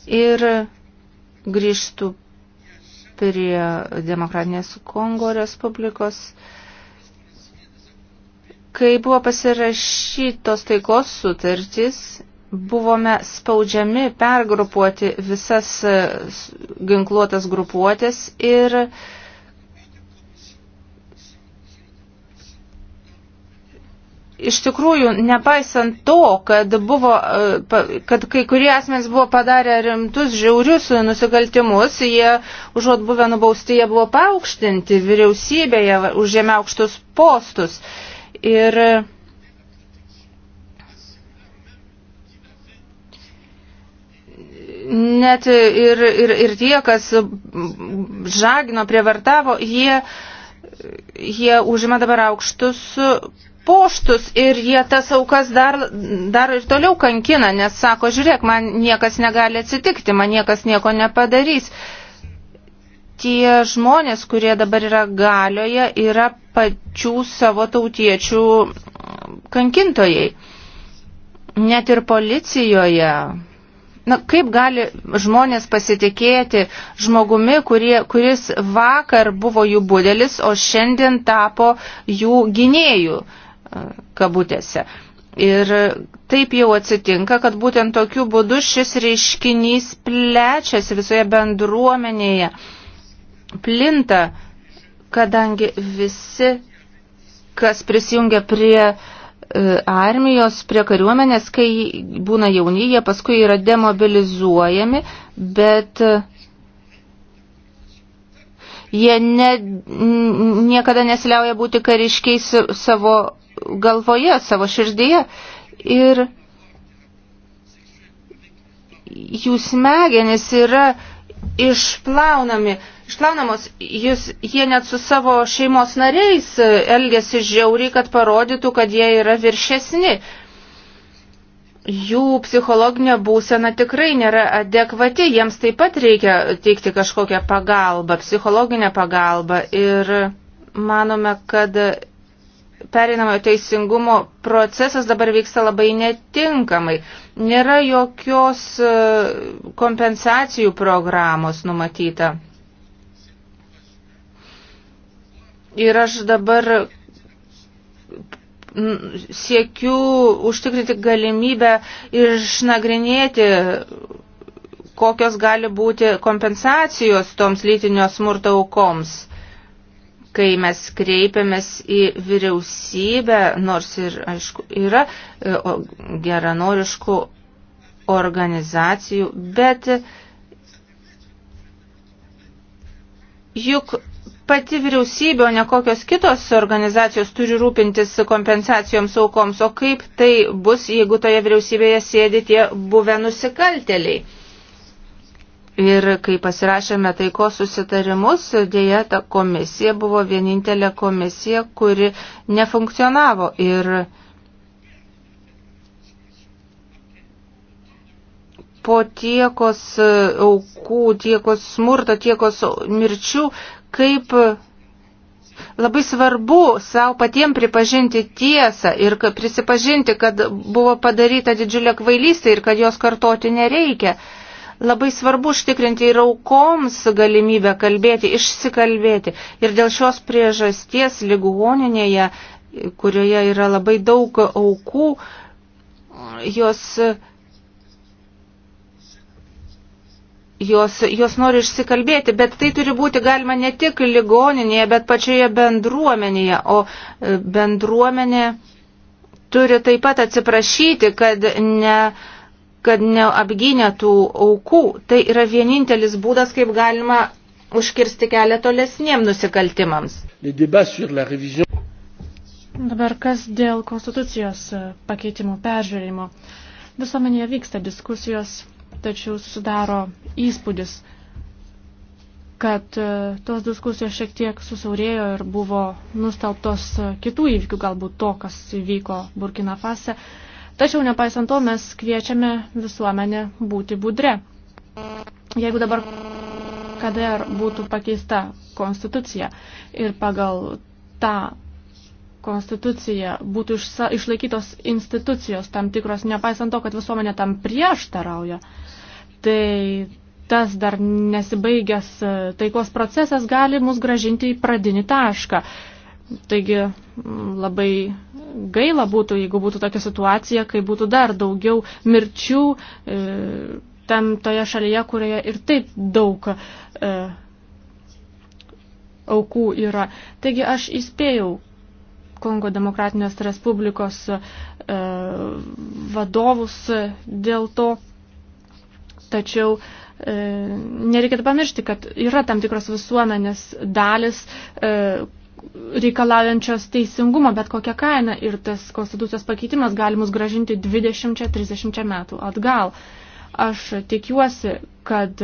Ir grįžtų prie Demokratinės Kongo Respublikos. Kai buvo pasirašytos taikos sutartys, buvome spaudžiami pergrupuoti visas ginkluotas grupuotės ir uh, iš tikrųjų, nepaisant to, kad, buvo, e, kad kai kurie asmenys buvo padarę rimtus žiaurius nusikaltimus, jie užuot buvę nubausti, jie buvo paaukštinti vyriausybėje, užėmė aukštus postus. Ir net ir, ir, ir tie, kas žagino, prievartavo, jie, jie užima dabar aukštus poštus ir jie tas aukas dar, dar ir toliau kankina, nes sako, žiūrėk, man niekas negali atsitikti, man niekas nieko nepadarys. Tie žmonės, kurie dabar yra galioje, yra pačių savo tautiečių kankintojai. Net ir policijoje. Na, kaip gali žmonės pasitikėti žmogumi, kurie, kuris vakar buvo jų budelis, o šiandien tapo jų gynėjų? Uh, kabutėse. Ir taip jau atsitinka, kad būtent tokiu būdu šis reiškinys plečiasi visoje bendruomenėje, plinta, kadangi visi, kas prisijungia prie e, armijos, prie kariuomenės, kai būna jauni, jie paskui yra demobilizuojami, bet e, jie ne, niekada nesiliauja būti kariškiais savo galvoje, savo širdyje ir jų smegenys yra išplaunami, išplaunamos, jis, jie net su savo šeimos nariais e, elgesi žiauriai, kad parodytų, kad jie yra viršesni. Jų psichologinė būsena tikrai nėra adekvati, jiems taip pat reikia teikti kažkokią pagalbą, psichologinę pagalbą ir manome, kad pereinamojo teisingumo procesas dabar vyksta labai netinkamai. Nėra jokios e, kompensacijų programos numatyta. Ir aš dabar siekiu užtikrinti galimybę išnagrinėti kokios gali būti kompensacijos toms lytinio smurto aukoms kai mes kreipiamės į vyriausybę, nors ir, aišku, yra e, geranoriškų organizacijų, bet juk pati vyriausybė, o ne kokios kitos organizacijos turi rūpintis kompensacijoms aukoms, o kaip tai bus, jeigu toje vyriausybėje sėdi tie buvę nusikalteliai. Ir kai pasirašėme taikos susitarimus, dėja ta komisija buvo vienintelė komisija, kuri nefunkcionavo. Ir po tiekos aukų, tiekos smurto, tiekos mirčių, kaip labai svarbu savo patiem pripažinti tiesą ir prisipažinti, kad buvo padaryta didžiulė kvailystė ir kad jos kartoti nereikia. Labai svarbu užtikrinti ir aukoms galimybę kalbėti, išsikalbėti. Ir dėl šios priežasties ligoninėje, kurioje yra labai daug aukų, jos, jos, jos nori išsikalbėti, bet tai turi būti galima ne tik ligoninėje, bet pačioje bendruomenėje. O e, bendruomenė turi taip pat atsiprašyti, kad ne kad neapgynė tų aukų, tai yra vienintelis būdas, kaip galima užkirsti kelią tolesniem nusikaltimams. Dabar kas dėl konstitucijos e, pakeitimų peržiūrėjimo. Visuomenėje vyksta diskusijos, tačiau susidaro įspūdis, kad e, tos diskusijos šiek tiek susaurėjo ir buvo nustelbtos e, kitų įvykių, galbūt to, kas įvyko Burkina Fase Tačiau nepaisant to mes kviečiame visuomenę būti budre. Jeigu dabar KDR būtų pakeista konstitucija ir pagal tą konstituciją būtų išsa, išlaikytos institucijos tam tikros, nepaisant to, kad visuomenė tam prieštarauja, tai tas dar nesibaigęs taikos procesas gali mus gražinti į pradinį tašką. Taigi mm, labai gaila būtų, jeigu būtų tokia situacija, kai būtų dar daugiau mirčių e, tam toje šalyje, kurioje ir taip daug e, aukų yra. Taigi aš įspėjau Kongo Demokratinės Respublikos e, vadovus dėl to, tačiau e, nereikėtų pamiršti, kad yra tam tikros visuomenės dalis, e, reikalaujančios teisingumo, bet kokią kainą ir tas konstitucijos pakeitimas gali mus gražinti 20-30 metų atgal. Aš tikiuosi, kad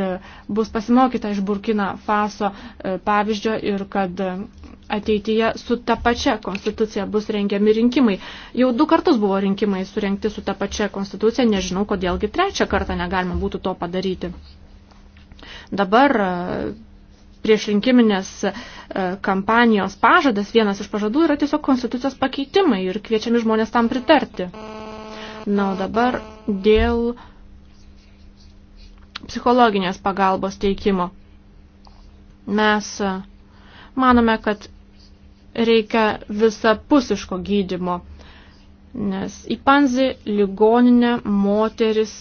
bus pasimokyta iš Burkina Faso e, pavyzdžio ir kad ateityje su ta pačia konstitucija bus rengiami rinkimai. Jau du kartus buvo rinkimai surengti su ta pačia konstitucija, nežinau, kodėlgi trečią kartą negalima būtų to padaryti. Dabar e, priešrinkiminės e, kampanijos pažadas, vienas iš pažadų yra tiesiog konstitucijos pakeitimai ir kviečiami žmonės tam pritarti. Na, o dabar dėl psichologinės pagalbos teikimo. Mes e, manome, kad reikia visapusiško gydymo, nes į Panzi ligoninę moteris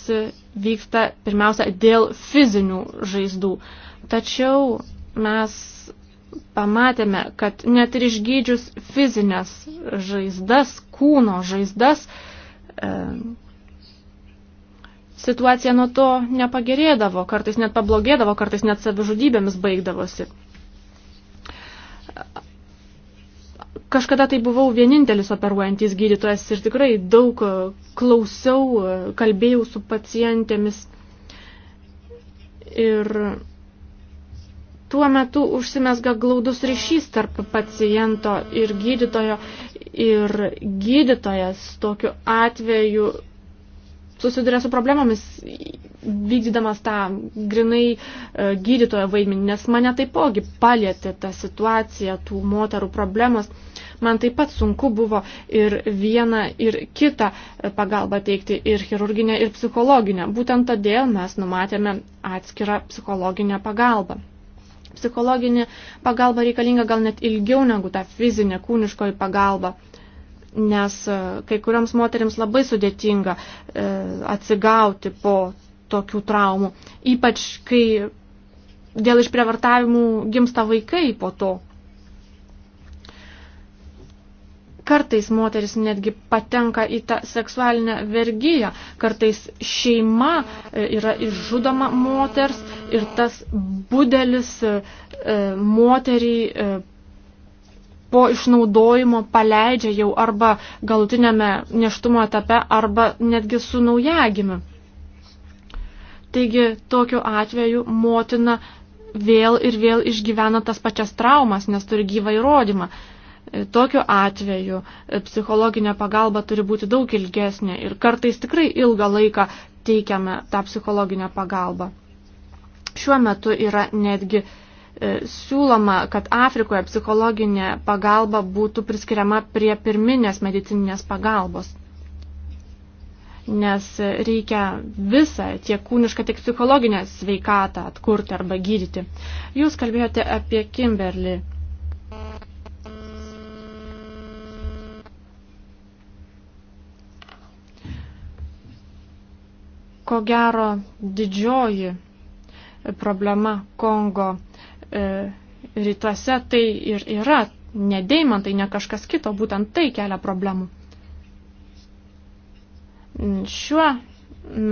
vyksta pirmiausia dėl fizinių žaizdų. Tačiau mes pamatėme, kad net ir išgydžius fizinės žaizdas, kūno žaizdas, e, situacija nuo to nepagerėdavo, kartais net pablogėdavo, kartais net savižudybėmis baigdavosi. Kažkada tai buvau vienintelis operuojantis gydytojas ir tikrai daug klausiau, kalbėjau su pacientėmis ir Tuo metu užsimesga glaudus ryšys tarp paciento ir gydytojo ir gydytojas tokiu atveju susiduria su problemomis vykdydamas tą grinai e, gydytojo vaidmenį, nes mane taipogi palėtė ta situacija, tų moterų problemos. Man taip pat sunku buvo ir vieną, ir kitą e, pagalbą teikti, ir chirurginę, ir psichologinę. Būtent todėl mes numatėme atskirą psichologinę pagalbą psichologinė pagalba reikalinga gal net ilgiau negu ta fizinė kūniškoji pagalba, nes e, kai kurioms moteriams labai sudėtinga e, atsigauti po tokių traumų, ypač kai dėl išprievartavimų gimsta vaikai po to. Kartais moteris netgi patenka į tą seksualinę vergyją, kartais šeima e, yra išžudoma moters ir tas budelis e, e moterį e, po išnaudojimo paleidžia jau arba galutinėme neštumo etape, arba netgi su naujagimi. Taigi tokiu atveju motina vėl ir vėl išgyvena tas pačias traumas, nes turi gyvą įrodymą. Tokiu atveju e, psichologinė pagalba turi būti daug ilgesnė ir kartais tikrai ilgą laiką teikiame tą psichologinę pagalbą. Šiuo metu yra netgi e, siūloma, kad Afrikoje psichologinė pagalba būtų priskiriama prie pirminės medicininės pagalbos. Nes e, reikia visą tiek kūnišką, tiek psichologinę sveikatą atkurti arba gydyti. Jūs kalbėjote apie Kimberly. Ko gero didžioji problema Kongo e, rytuose tai ir yra ne deimantai, ne kažkas kito, būtent tai kelia problemų. Šiuo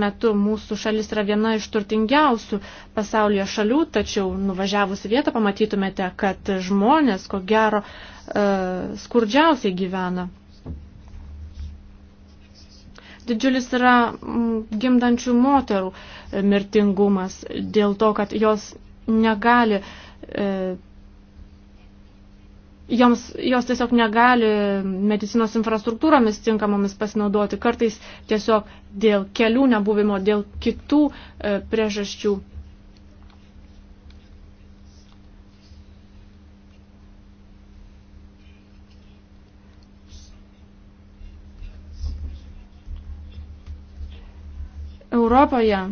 metu mūsų šalis yra viena iš turtingiausių pasaulyje šalių, tačiau nuvažiavus į vietą pamatytumėte, kad žmonės, ko gero, e, skurdžiausiai gyvena. Didžiulis yra mm, gimdančių moterų e, mirtingumas dėl to, kad jos negali, e, joms, jos tiesiog negali medicinos infrastruktūromis tinkamomis pasinaudoti, kartais tiesiog dėl kelių nebuvimo, dėl kitų e, priežasčių Europoje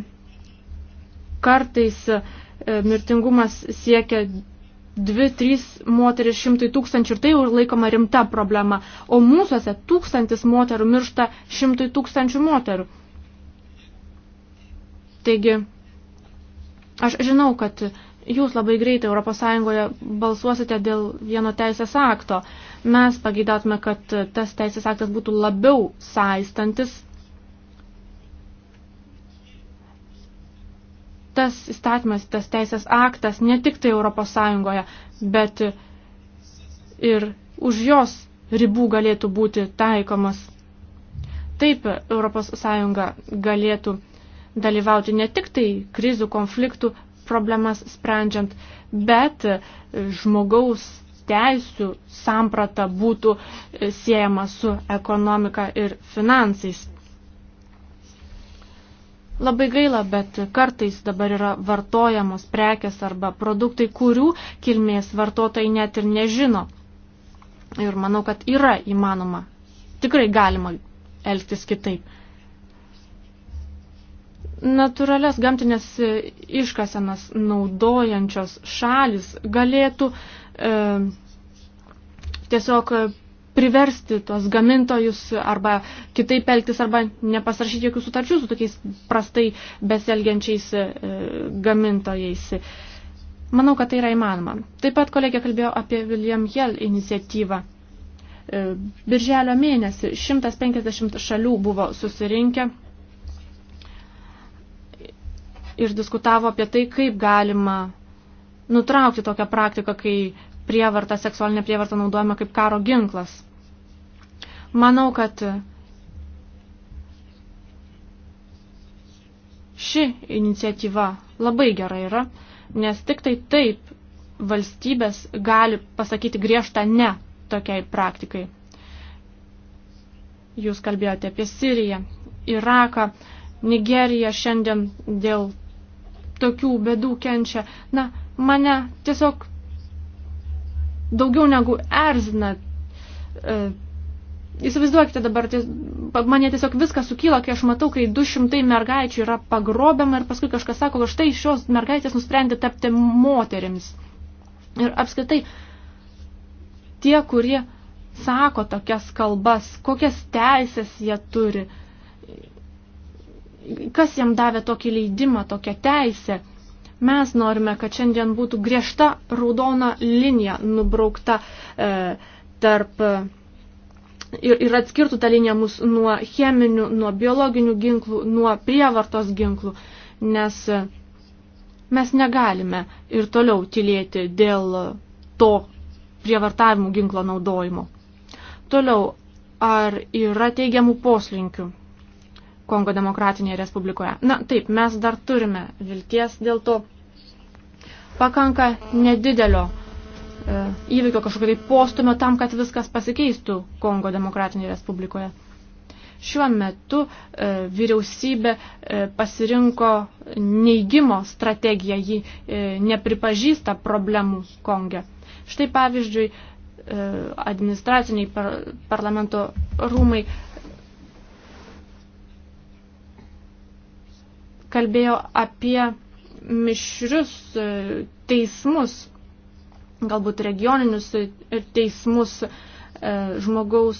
kartais e, mirtingumas siekia 2-3 moteris šimtai tūkstančių ir tai jau laikoma rimta problema, o mūsųse tūkstantis moterų miršta šimtai tūkstančių moterų. Taigi, aš žinau, kad jūs labai greitai ES balsuosite dėl vieno teisės akto. Mes pageidautume, kad tas teisės aktas būtų labiau saistantis tas įstatymas, tas teisės aktas ne tik tai Europos Sąjungoje, bet ir už jos ribų galėtų būti taikomas. Taip Europos Sąjunga galėtų dalyvauti ne tik tai krizių, konfliktų problemas sprendžiant, bet žmogaus teisių samprata būtų siejama su ekonomika ir finansais. Labai gaila, bet kartais dabar yra vartojamos prekes arba produktai, kurių kilmės vartotojai net ir nežino. Ir manau, kad yra įmanoma, tikrai galima elgtis kitaip. Naturalias gamtinės iškasenas naudojančios šalis galėtų e, tiesiog priversti tuos gamintojus arba kitaip elgtis arba nepasirašyti jokių sutarčių su tokiais prastai beselgiančiais e, gamintojais. Manau, kad tai yra įmanoma. Taip pat kolegė kalbėjo apie William Hill iniciatyvą. E, birželio mėnesį 150 šalių buvo susirinkę ir diskutavo apie tai, kaip galima nutraukti tokią praktiką, kai prievarta, seksualinė prievarta naudojama kaip karo ginklas. Manau, kad ši iniciatyva labai gera yra, nes tik tai taip valstybės gali pasakyti griežtą ne tokiai praktikai. Jūs kalbėjote apie Siriją, Iraką, Nigeriją šiandien dėl tokių bedų kenčia. Na, mane tiesiog daugiau negu erzina e, Įsivaizduokite dabar, mane tiesiog viskas sukyla, kai aš matau, kai 200 mergaičių yra pagrobiama ir paskui kažkas sako, kad štai šios mergaitės nusprendė tapti moterims. Ir apskritai, tie, kurie sako tokias kalbas, kokias teisės jie turi, kas jam davė tokį leidimą, tokią teisę. Mes norime, kad šiandien būtų griežta raudona linija nubraukta e, tarp. E, ir, ir atskirtų tą liniją mus nuo cheminių, nuo biologinių ginklų, nuo prievartos ginklų, nes e, mes negalime ir toliau tylėti dėl to prievartavimų ginklo naudojimo. Toliau, ar yra teigiamų poslinkių Kongo demokratinėje respublikoje? Na taip, mes dar turime vilties dėl to pakanka nedidelio uh, E, įvykio kažkokio tai postumio tam, kad viskas pasikeistų Kongo demokratinėje respublikoje. Šiuo metu e, vyriausybė e, pasirinko neigimo strategiją, ji e, nepripažįsta problemų Konge. Štai pavyzdžiui, e, administraciniai par, parlamento rūmai kalbėjo apie mišrius e, teismus galbūt regioninius teismus e, žmogaus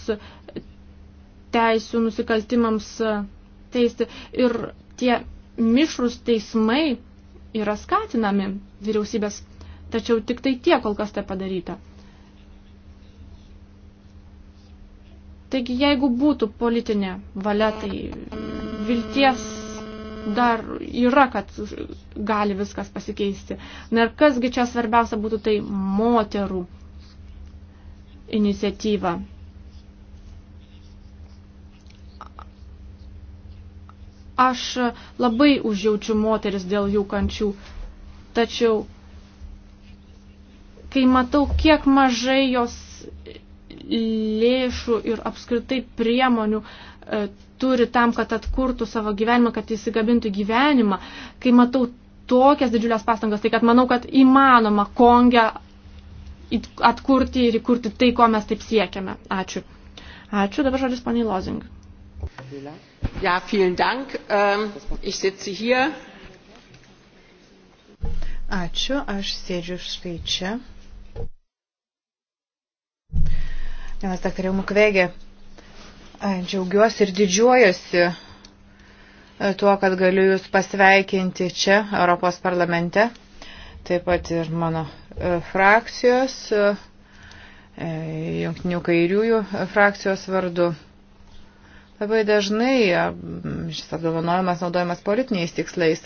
teisų nusikaltimams e, teisti. Ir tie mišrus teismai yra skatinami vyriausybės, tačiau tik tai tie kol kas tai padaryta. Taigi, jeigu būtų politinė valia, tai vilties dar yra, kad gali viskas pasikeisti. Na ir kasgi čia svarbiausia būtų tai moterų iniciatyva. Aš labai užjaučiu moteris dėl jų kančių, tačiau kai matau, kiek mažai jos lėšų ir apskritai priemonių uh, E, turi tam, kad atkurtų savo gyvenimą, kad įsigabintų gyvenimą. Kai matau tokias didžiulės pastangas, tai kad manau, kad įmanoma Kongę atkurti ir įkurti tai, ko mes taip siekiame. Ačiū. Ačiū. Dabar žodis poniai Lozing. Ja, vielen Dank. Ähm, ich sitze hier. Ačiū, aš sėdžiu štai čia. Vienas daktarė Mukvegė Džiaugiuosi ir didžiuojuosi e, tuo, kad galiu Jūs pasveikinti čia, Europos parlamente, taip pat ir mano e, frakcijos, e, jungtinių kairiųjų frakcijos vardu. Labai dažnai šis apdovanojimas naudojamas politiniais tikslais.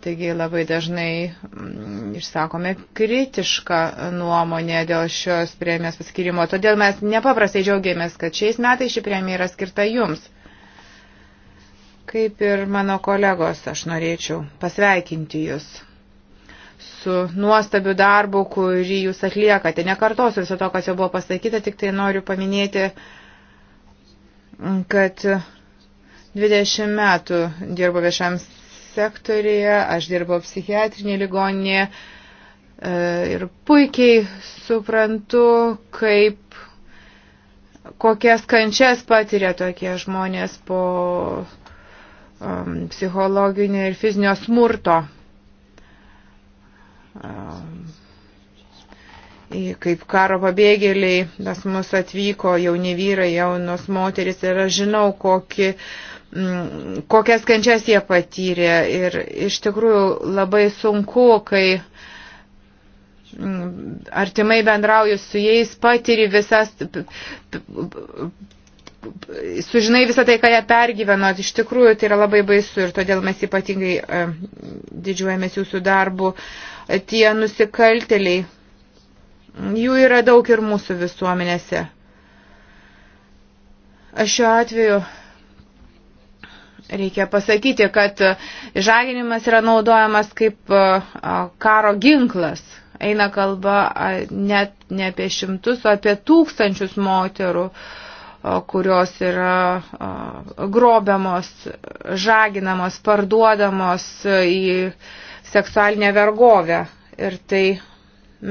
Taigi labai dažnai mm, išsakome kritišką nuomonę dėl šios premijos paskirimo. Todėl mes nepaprastai džiaugiamės, kad šiais metais ši premija yra skirta jums. Kaip ir mano kolegos, aš norėčiau pasveikinti jūs su nuostabiu darbu, kurį jūs atliekate. Nekartosiu viso to, kas jau buvo pasakyta, tik tai noriu paminėti, kad 20 metų dirbu viešam sektorėje, aš dirbau psichiatrinėje ligoninėje e, ir puikiai suprantu, kaip kokias kančias patiria tokie žmonės po um, psichologinio ir fizinio smurto. Um, kaip karo pabėgėliai pas mus atvyko jauni vyrai, jaunos moteris ir aš žinau, kokį uh, Mm, kokias kančias jie patyrė. Ir iš tikrųjų labai sunku, kai mm, artimai bendrauju su jais, patiri visas, sužinai visą tai, ką jie pergyveno. Iš tikrųjų tai yra labai baisu ir todėl mes ypatingai e, didžiuojamės jūsų darbu. Tie nusikalteliai, jų yra daug ir mūsų visuomenėse. Aš šiuo atveju Reikia pasakyti, kad žaginimas yra naudojamas kaip e, karo ginklas. Eina kalba net ne apie šimtus, o apie tūkstančius moterų, kurios yra grobiamos, žaginamos, parduodamos į seksualinę vergovę. Ir tai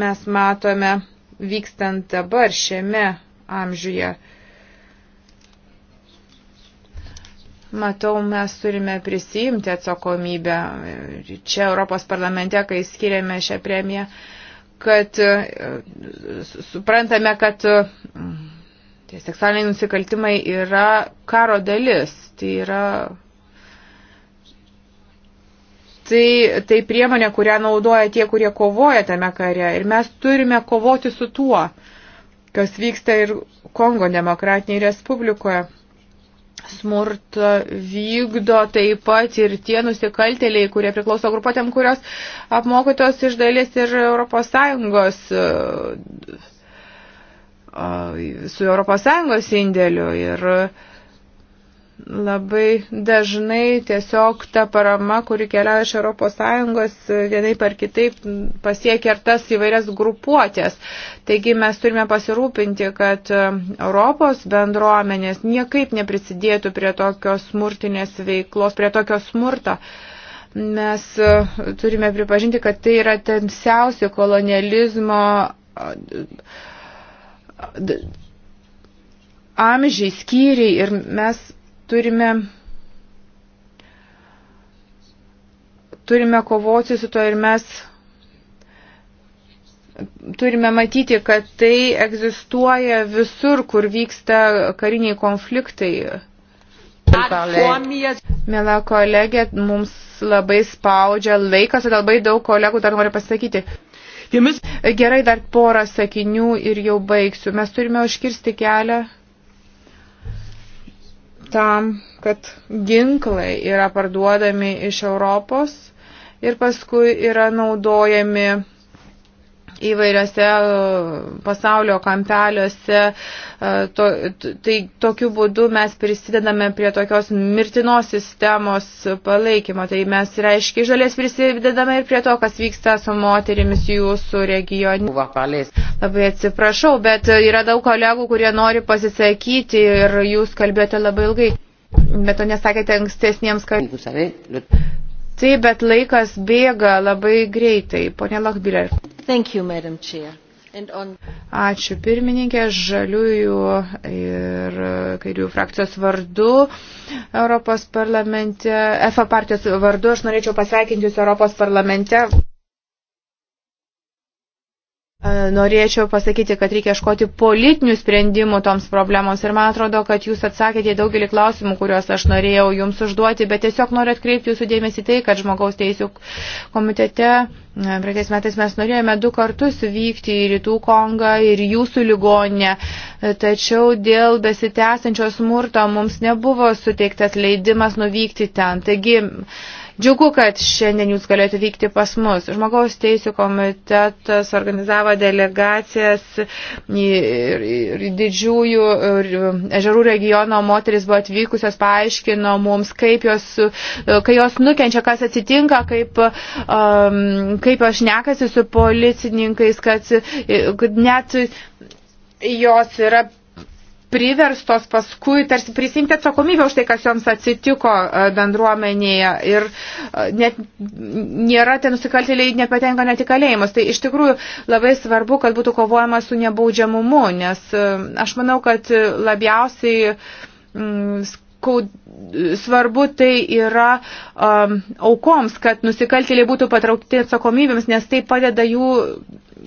mes matome vykstant dabar šiame amžiuje. Matau, mes turime prisijimti atsakomybę čia Europos parlamente, kai skiriame šią premiją, kad e, suprantame, kad tie seksualiniai nusikaltimai yra karo dalis. Tai yra tai, tai priemonė, kurią naudoja tie, kurie kovoja tame kare. Ir mes turime kovoti su tuo, kas vyksta ir Kongo demokratinėje respublikoje smurtą vykdo taip pat ir tie nusikaltėliai, kurie priklauso grupuotėm, kurios apmokytos iš dalies ir ES su ES indėliu. Ir Labai dažnai tiesiog ta parama, kuri keliauja iš ES, vienai per kitaip pasiekia ir tas įvairias grupuotės. Taigi mes turime pasirūpinti, kad Europos bendruomenės niekaip neprisidėtų prie tokios smurtinės veiklos, prie tokio smurto mes e, turime pripažinti, kad tai yra tamsiausi kolonializmo amžiai, skyriai ir mes turime, turime kovoti su to ir mes turime matyti, kad tai egzistuoja visur, kur vyksta kariniai konfliktai. Mėla kolegė, mums labai spaudžia laikas, ir labai daug kolegų dar nori pasakyti. Gerai, dar porą sakinių ir jau baigsiu. Mes turime užkirsti kelią tam, kad ginklai yra parduodami iš Europos ir paskui yra naudojami įvairiose e, pasaulio kampeliuose. E, to, tai tokiu būdu mes prisidedame prie tokios mirtinos sistemos palaikymo. Tai mes reiškia žalės prisidedame ir prie to, kas vyksta su moterimis jūsų regione. Labai atsiprašau, bet yra daug kolegų, kurie nori pasisakyti ir jūs kalbėjote labai ilgai. Bet to nesakėte ankstesniems kalbėtams. Taip, bet laikas bėga labai greitai. Pone Lachbiller. On... Ačiū pirmininkė, žaliųjų ir kairiųjų frakcijos vardu, Europos parlamente, EFA partijos vardu, aš norėčiau pasveikinti Jūs Europos parlamente. E, norėčiau pasakyti, kad reikia iškoti politinių sprendimų toms problemoms ir man atrodo, kad jūs atsakėte į daugelį klausimų, kuriuos aš norėjau jums užduoti, bet tiesiog noriu atkreipti jūsų dėmesį tai, kad žmogaus teisų komitete e, praeitais metais mes norėjome du kartus vykti į Rytų Kongą ir jūsų ligonę, e, tačiau dėl besitęsančio smurto mums nebuvo suteiktas leidimas nuvykti ten. Taigi, Džiugu, kad šiandien jūs galėjote vykti pas mus. Žmogaus teisų komitetas organizavo delegacijas ir, ir didžiųjų ir ežerų regiono moteris buvo atvykusios, paaiškino mums, kaip jos, kai jos nukenčia, kas atsitinka, kaip, um, kaip aš nekasi su policininkais, kad, kad net jos yra priverstos paskui tarsi prisimti atsakomybę už tai, kas joms atsitiko e, bendruomenėje ir e, net nėra ten nusikaltėliai nepatenka net į kalėjimus. Tai iš tikrųjų labai svarbu, kad būtų kovojama su nebaudžiamumu, nes e, aš manau, kad labiausiai mm, skaud, svarbu tai yra um, aukoms, kad nusikaltėliai būtų patraukti atsakomybėms, nes tai padeda jų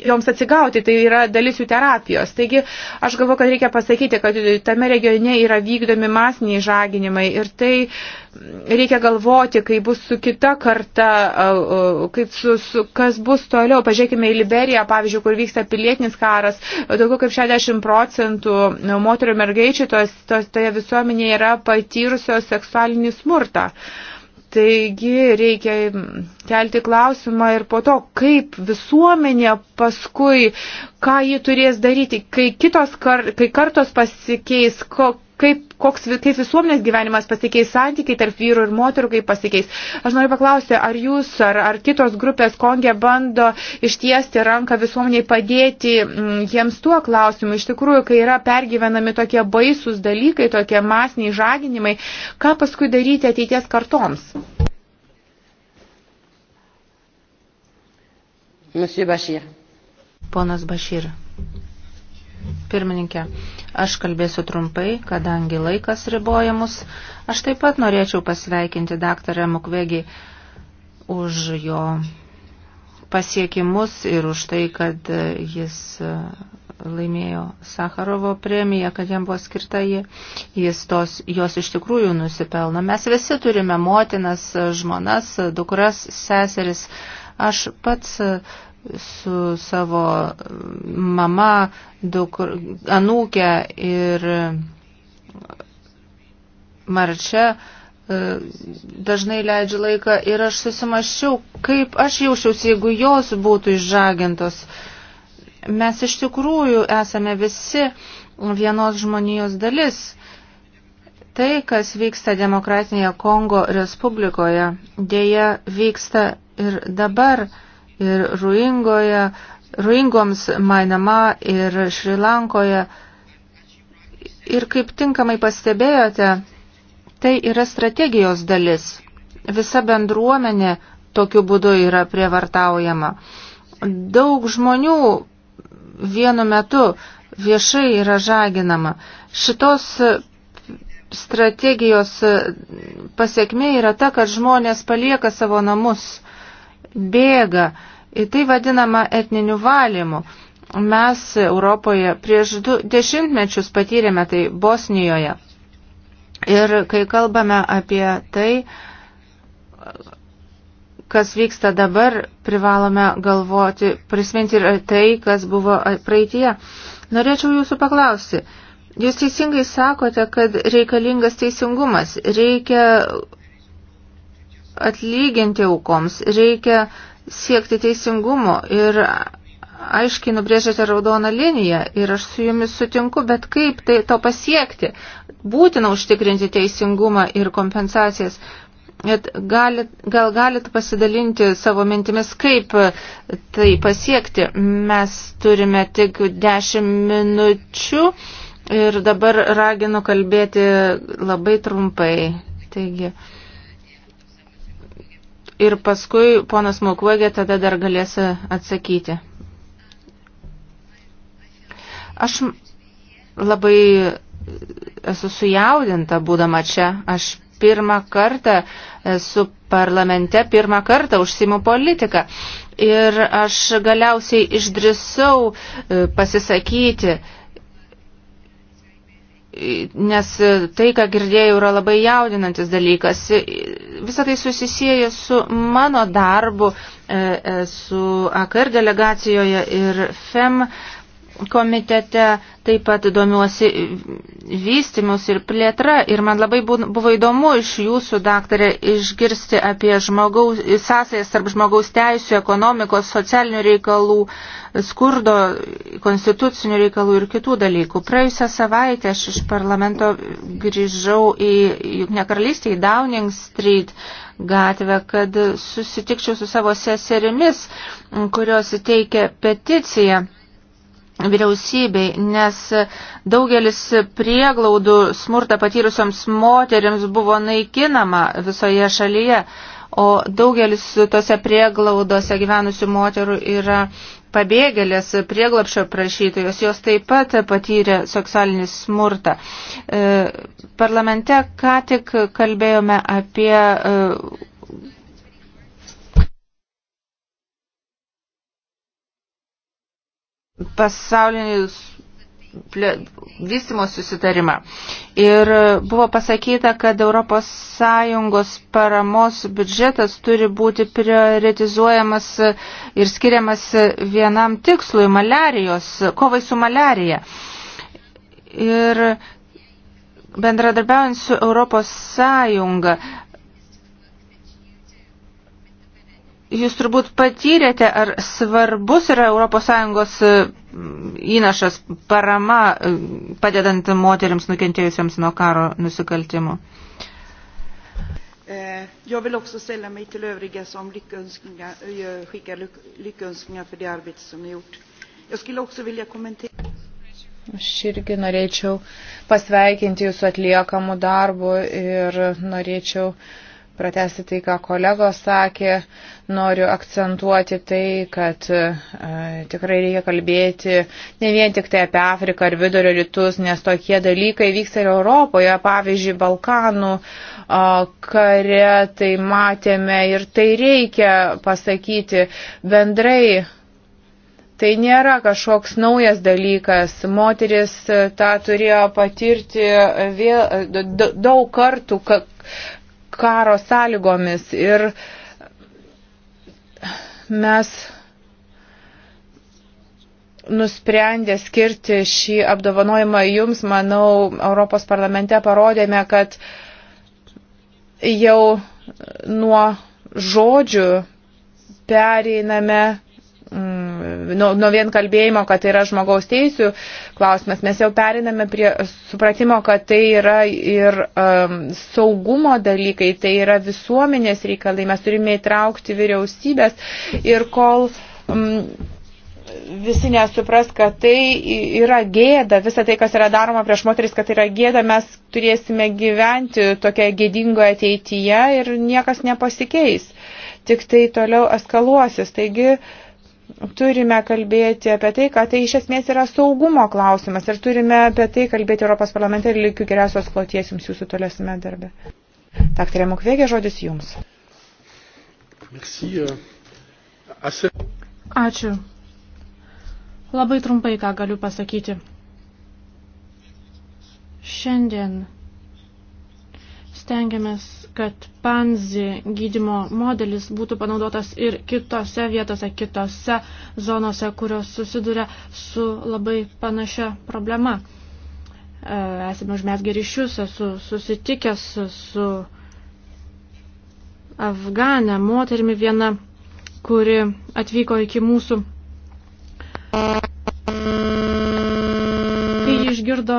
joms atsigauti, tai yra dalis jų terapijos. Taigi aš galvoju, kad reikia pasakyti, kad tame regione yra vykdomi masiniai žaginimai ir tai reikia galvoti, kai bus su kita karta, kaip su, su, kas bus toliau. Pažiūrėkime į Liberiją, pavyzdžiui, kur vyksta pilietinis karas, daugiau kaip 60 procentų moterių mergaičių tos, tos, toje visuomenėje yra patyrusios seksualinį smurtą. Uh, Taigi reikia kelti klausimą ir po to, kaip visuomenė paskui, ką ji turės daryti, kai kitos kar, kai kartos pasikeis, ko, kaip, koks, kaip visuomenės gyvenimas pasikeis, santykiai tarp vyrų ir moterų kaip pasikeis. Aš noriu paklausti, ar jūs, ar, ar kitos grupės Kongė bando ištiesti ranką visuomeniai padėti m, mm, jiems tuo klausimu. Iš tikrųjų, kai yra pergyvenami tokie baisūs dalykai, tokie masiniai žaginimai, ką paskui daryti ateities kartoms? Monsieur Bashir. Ponas Bashir. Pirmininkė. Aš kalbėsiu trumpai, kadangi laikas ribojamus. Aš taip pat norėčiau pasveikinti daktarę Mukvegį už jo pasiekimus ir už tai, kad jis laimėjo Sakarovo premiją, kad jam buvo skirta ji, jis tos, jos iš tikrųjų nusipelno. Mes visi turime motinas, žmonas, dukras, seseris. Aš pats su savo mama, dukur, anūkė ir marčia e, dažnai leidžiu laiką ir aš susimaščiau, kaip aš jausčiausi, jeigu jos būtų išžagintos. Mes iš tikrųjų esame visi vienos žmonijos dalis. Tai, kas vyksta demokratinėje Kongo Respublikoje, dėja vyksta ir dabar ir Ruingoje, Ruingoms, Mainama ir Šrilankoje. Ir kaip tinkamai pastebėjote, tai yra strategijos dalis. Visa bendruomenė tokiu būdu yra prievartaujama. Daug žmonių vienu metu viešai yra žaginama. Šitos strategijos pasiekmė yra ta, kad žmonės palieka savo namus, bėga Tai vadinama etniniu valymu. Mes Europoje prieš du dešimtmečius patyrėme tai Bosnijoje. Ir kai kalbame apie tai, kas vyksta dabar, privalome galvoti, prisiminti ir tai, kas buvo praeitie. Norėčiau jūsų paklausti. Jūs teisingai sakote, kad reikalingas teisingumas, reikia atlyginti aukoms, reikia uh, siekti teisingumo ir aiškiai nubrėžiate raudoną liniją ir aš su jumis sutinku, bet kaip tai to pasiekti? Būtina užtikrinti teisingumą ir kompensacijas. Bet galit, gal galit pasidalinti savo mintimis, kaip tai pasiekti? Mes turime tik 10 minučių ir dabar raginu kalbėti labai trumpai. Taigi ir paskui ponas Mokvegė tada dar galės atsakyti. Aš labai esu sujaudinta būdama čia. Aš pirmą kartą esu parlamente, pirmą kartą užsimu politiką. Ir aš galiausiai išdrisau e, pasisakyti nes tai, ką girdėjau, yra labai jaudinantis dalykas. Visą tai susisieja su mano darbu, e, e, su AKR delegacijoje ir FEM komitete taip pat domiuosi vystimus ir plėtra ir man labai buvo įdomu iš jūsų, daktarė, išgirsti apie žmogaus, sąsajas tarp žmogaus teisų, ekonomikos, socialinių reikalų, skurdo, konstitucinių reikalų ir kitų dalykų. Praėjusią savaitę aš iš parlamento grįžau į Junknę karalystę, į Downing Street gatvę, kad susitikčiau su savo seserimis, kurios teikia peticiją vyriausybei, nes daugelis prieglaudų smurtą patyrusioms moteriams buvo naikinama visoje šalyje, o daugelis tose prieglaudose gyvenusių moterų yra pabėgėlės prieglapšio prašytojos, jos taip pat patyrė seksualinį smurtą. E, parlamente ką tik kalbėjome apie e, pasaulinį vystimo susitarimą. Ir buvo pasakyta, kad ES paramos biudžetas turi būti prioritizuojamas ir skiriamas vienam tikslui - malerijos, kovai su malerija. Ir bendradarbiaujant su ES Jūs turbūt patyrėte, ar svarbus yra ES e, įnašas parama e, padedant moteriams nukentėjusiems nuo karo nusikaltimų. Eh, jag vill också ställa mig till övriga som lyckönskningar, eh, skickar lyckönskningar för det arbete som ni gjort. Jag skulle också vilja kommentera. Aš irgi norėčiau pasveikinti jūsų atliekamų darbų ir norėčiau uh, pratesti tai, ką kolegos sakė, noriu akcentuoti tai, kad e, tikrai reikia kalbėti ne vien tik tai apie Afriką ar vidurio rytus, nes tokie dalykai vyksta ir Europoje, pavyzdžiui, Balkanų e, kare, tai matėme ir tai reikia pasakyti bendrai. Tai nėra kažkoks naujas dalykas. Moteris tą turėjo patirti vėl, daug kartų, karo sąlygomis ir mes nusprendę skirti šį apdovanojimą jums, manau, Europos parlamente parodėme, kad jau nuo žodžių pereiname mm, nuo nu vien kalbėjimo, kad tai yra žmogaus teisų klausimas. Mes jau periname prie supratimo, kad tai yra ir um, saugumo dalykai, tai yra visuomenės reikalai. Mes turime įtraukti vyriausybės ir kol. Um, visi nesupras, kad tai yra gėda, visa tai, kas yra daroma prieš moteris, kad tai yra gėda, mes turėsime gyventi tokia gėdingoje ateityje ir niekas nepasikeis. Tik tai toliau eskaluosis. Taigi, uh, turime kalbėti apie tai, kad tai iš esmės yra saugumo klausimas ir turime apie tai kalbėti Europos parlamente ir likiu geriausios kloties jums jūsų tolesime darbe. Daktarė Mukvėgė, žodis jums. Euh, Ačiū. Labai trumpai ką galiu pasakyti. Šiandien stengiamės kad panzi gydimo modelis būtų panaudotas ir kitose vietose, kitose zonose, kurios susiduria su labai panašia problema. E, esame užmesgę ryšius, esu susitikęs su Afganę moterimi viena, kuri atvyko iki mūsų. Kai išgirdo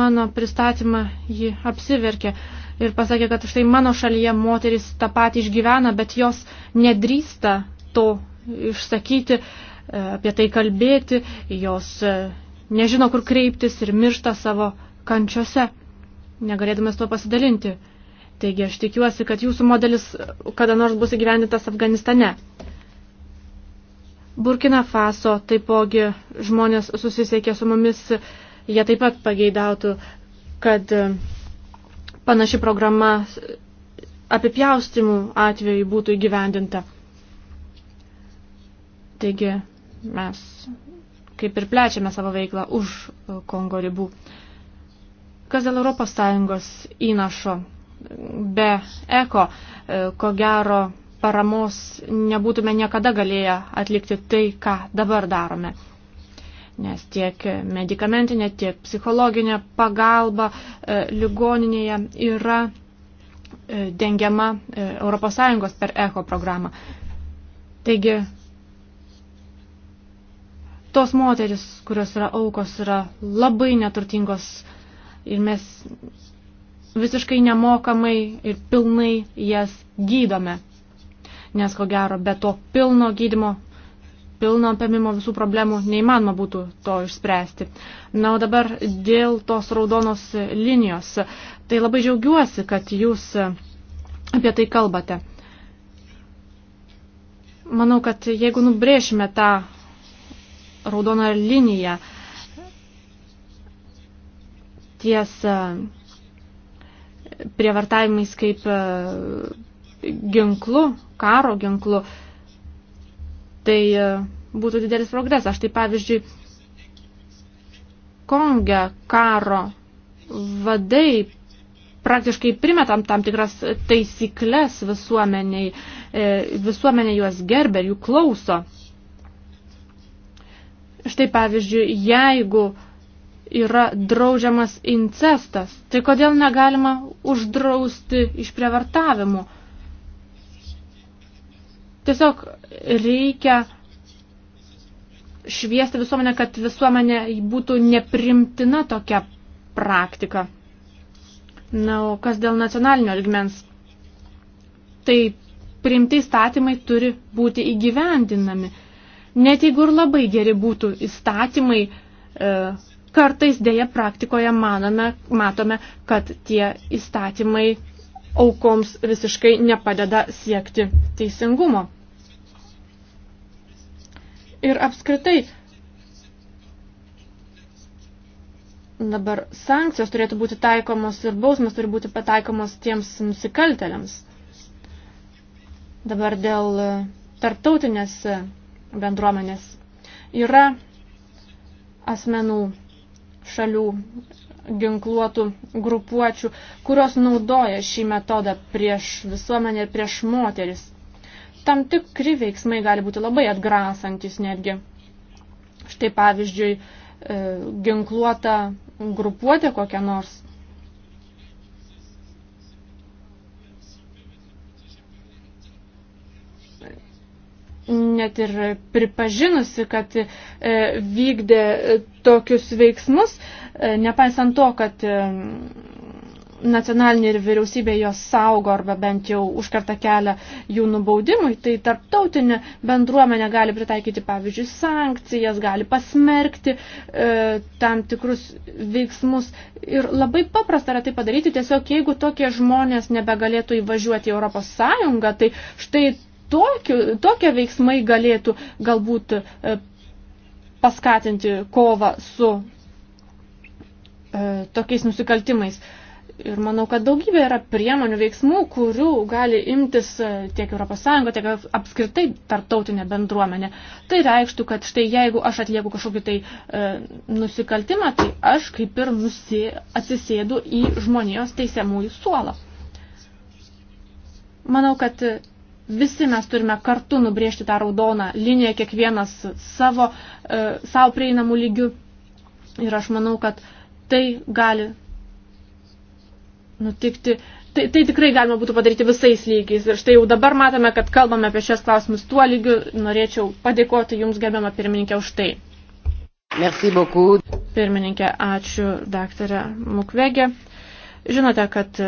mano pristatymą, ji apsiverkė ir pasakė, kad štai mano šalyje moteris tą patį išgyvena, bet jos nedrįsta to išsakyti, e, apie tai kalbėti, jos e, nežino, kur kreiptis ir miršta savo kančiose, negalėdamas to pasidalinti. Taigi aš tikiuosi, kad jūsų modelis kada nors bus įgyvendintas Afganistane. Burkina Faso taipogi žmonės susisiekė su mumis, jie taip pat pageidautų, kad e, panaši programa apipjaustimų atveju būtų įgyvendinta. Taigi mes kaip ir plečiame savo veiklą už e, Kongo ribų. Kas dėl Europos Sąjungos įnašo be eko, e, ko gero paramos nebūtume niekada galėję atlikti tai, ką dabar darome nes tiek medikamentinė, tiek psichologinė pagalba e, ligoninėje yra e, dengiama ES per ECHO programą. Taigi, tos moteris, kurios yra aukos, yra labai neturtingos ir mes visiškai nemokamai ir pilnai jas gydome. Nes ko gero, be to pilno gydimo pilno apimimo visų problemų neįmanoma būtų to išspręsti. Na, o dabar dėl tos raudonos linijos. Tai labai džiaugiuosi, kad jūs apie tai kalbate. Manau, kad jeigu nubrėšime tą raudoną liniją ties prievartavimais kaip e, ginklu, karo ginklu, Tai e, būtų didelis progresas. Štai pavyzdžiui, Konge karo vadai praktiškai primetam tam tikras taisyklės visuomeniai, e, visuomenė juos gerbė, jų klauso. Štai pavyzdžiui, jeigu yra draudžiamas incestas, tai kodėl negalima uždrausti išprievartavimų? prievartavimų? Tiesiog reikia šviesti visuomenę, kad visuomenė būtų neprimtina tokia praktika. Na, o kas dėl nacionalinio ligmens? Tai priimti įstatymai turi būti įgyvendinami. Net jeigu ir labai geri būtų įstatymai, e, kartais dėja praktikoje manome, matome, kad tie įstatymai aukoms visiškai nepadeda siekti teisingumo. Ir apskritai dabar sankcijos turėtų būti taikomos ir bausmas turi būti pataikomos tiems nusikalteliams. Dabar dėl tarptautinės bendruomenės yra asmenų šalių ginkluotų grupuočių, kurios naudoja šį metodą prieš visuomenę ir prieš moteris. Tam tikri veiksmai gali būti labai atgrasantis netgi. Štai pavyzdžiui, e, ginkluota grupuotė kokia nors net ir pripažinusi, kad e, vykdė e, tokius veiksmus, e, nepaisant to, kad nacionalinė ir vyriausybė jos saugo arba bent jau užkarta kelią jų nubaudimui, tai tarptautinė bendruomenė gali pritaikyti, pavyzdžiui, sankcijas, gali pasmerkti e, tam tikrus veiksmus. Ir labai paprasta yra tai padaryti, tiesiog jeigu tokie žmonės nebegalėtų įvažiuoti į Europos Sąjungą, tai štai tokiu, tokie veiksmai galėtų galbūt e, paskatinti kovą su e, tokiais nusikaltimais. Ir manau, kad daugybė yra priemonių veiksmų, kurių gali imtis e, tiek ES, tiek apskritai tartautinė bendruomenė. Tai reikštų, kad štai jeigu aš atlieku kažkokį tai e, nusikaltimą, tai aš kaip ir nusi, atsisėdu į žmonijos teisiamųjų suolą. Manau, kad Visi mes turime kartu nubrėžti tą raudoną liniją, kiekvienas savo, e, savo prieinamų lygių. Ir aš manau, kad tai gali nutikti tai, tai tikrai galima būtų padaryti visais lygiais. Ir štai jau dabar matome, kad kalbame apie šios klausimus tuo lygiu. Norėčiau padėkoti Jums, gerbiamą pirmininkę, už tai. Merci beaucoup. Pirmininkė, ačiū daktarė Mukvegė. Žinote, kad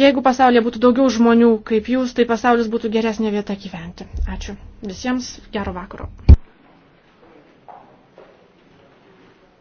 Jeigu pasaulyje būtų daugiau žmonių kaip jūs, tai pasaulis būtų geresnė vieta gyventi. Ačiū visiems, gero vakaro.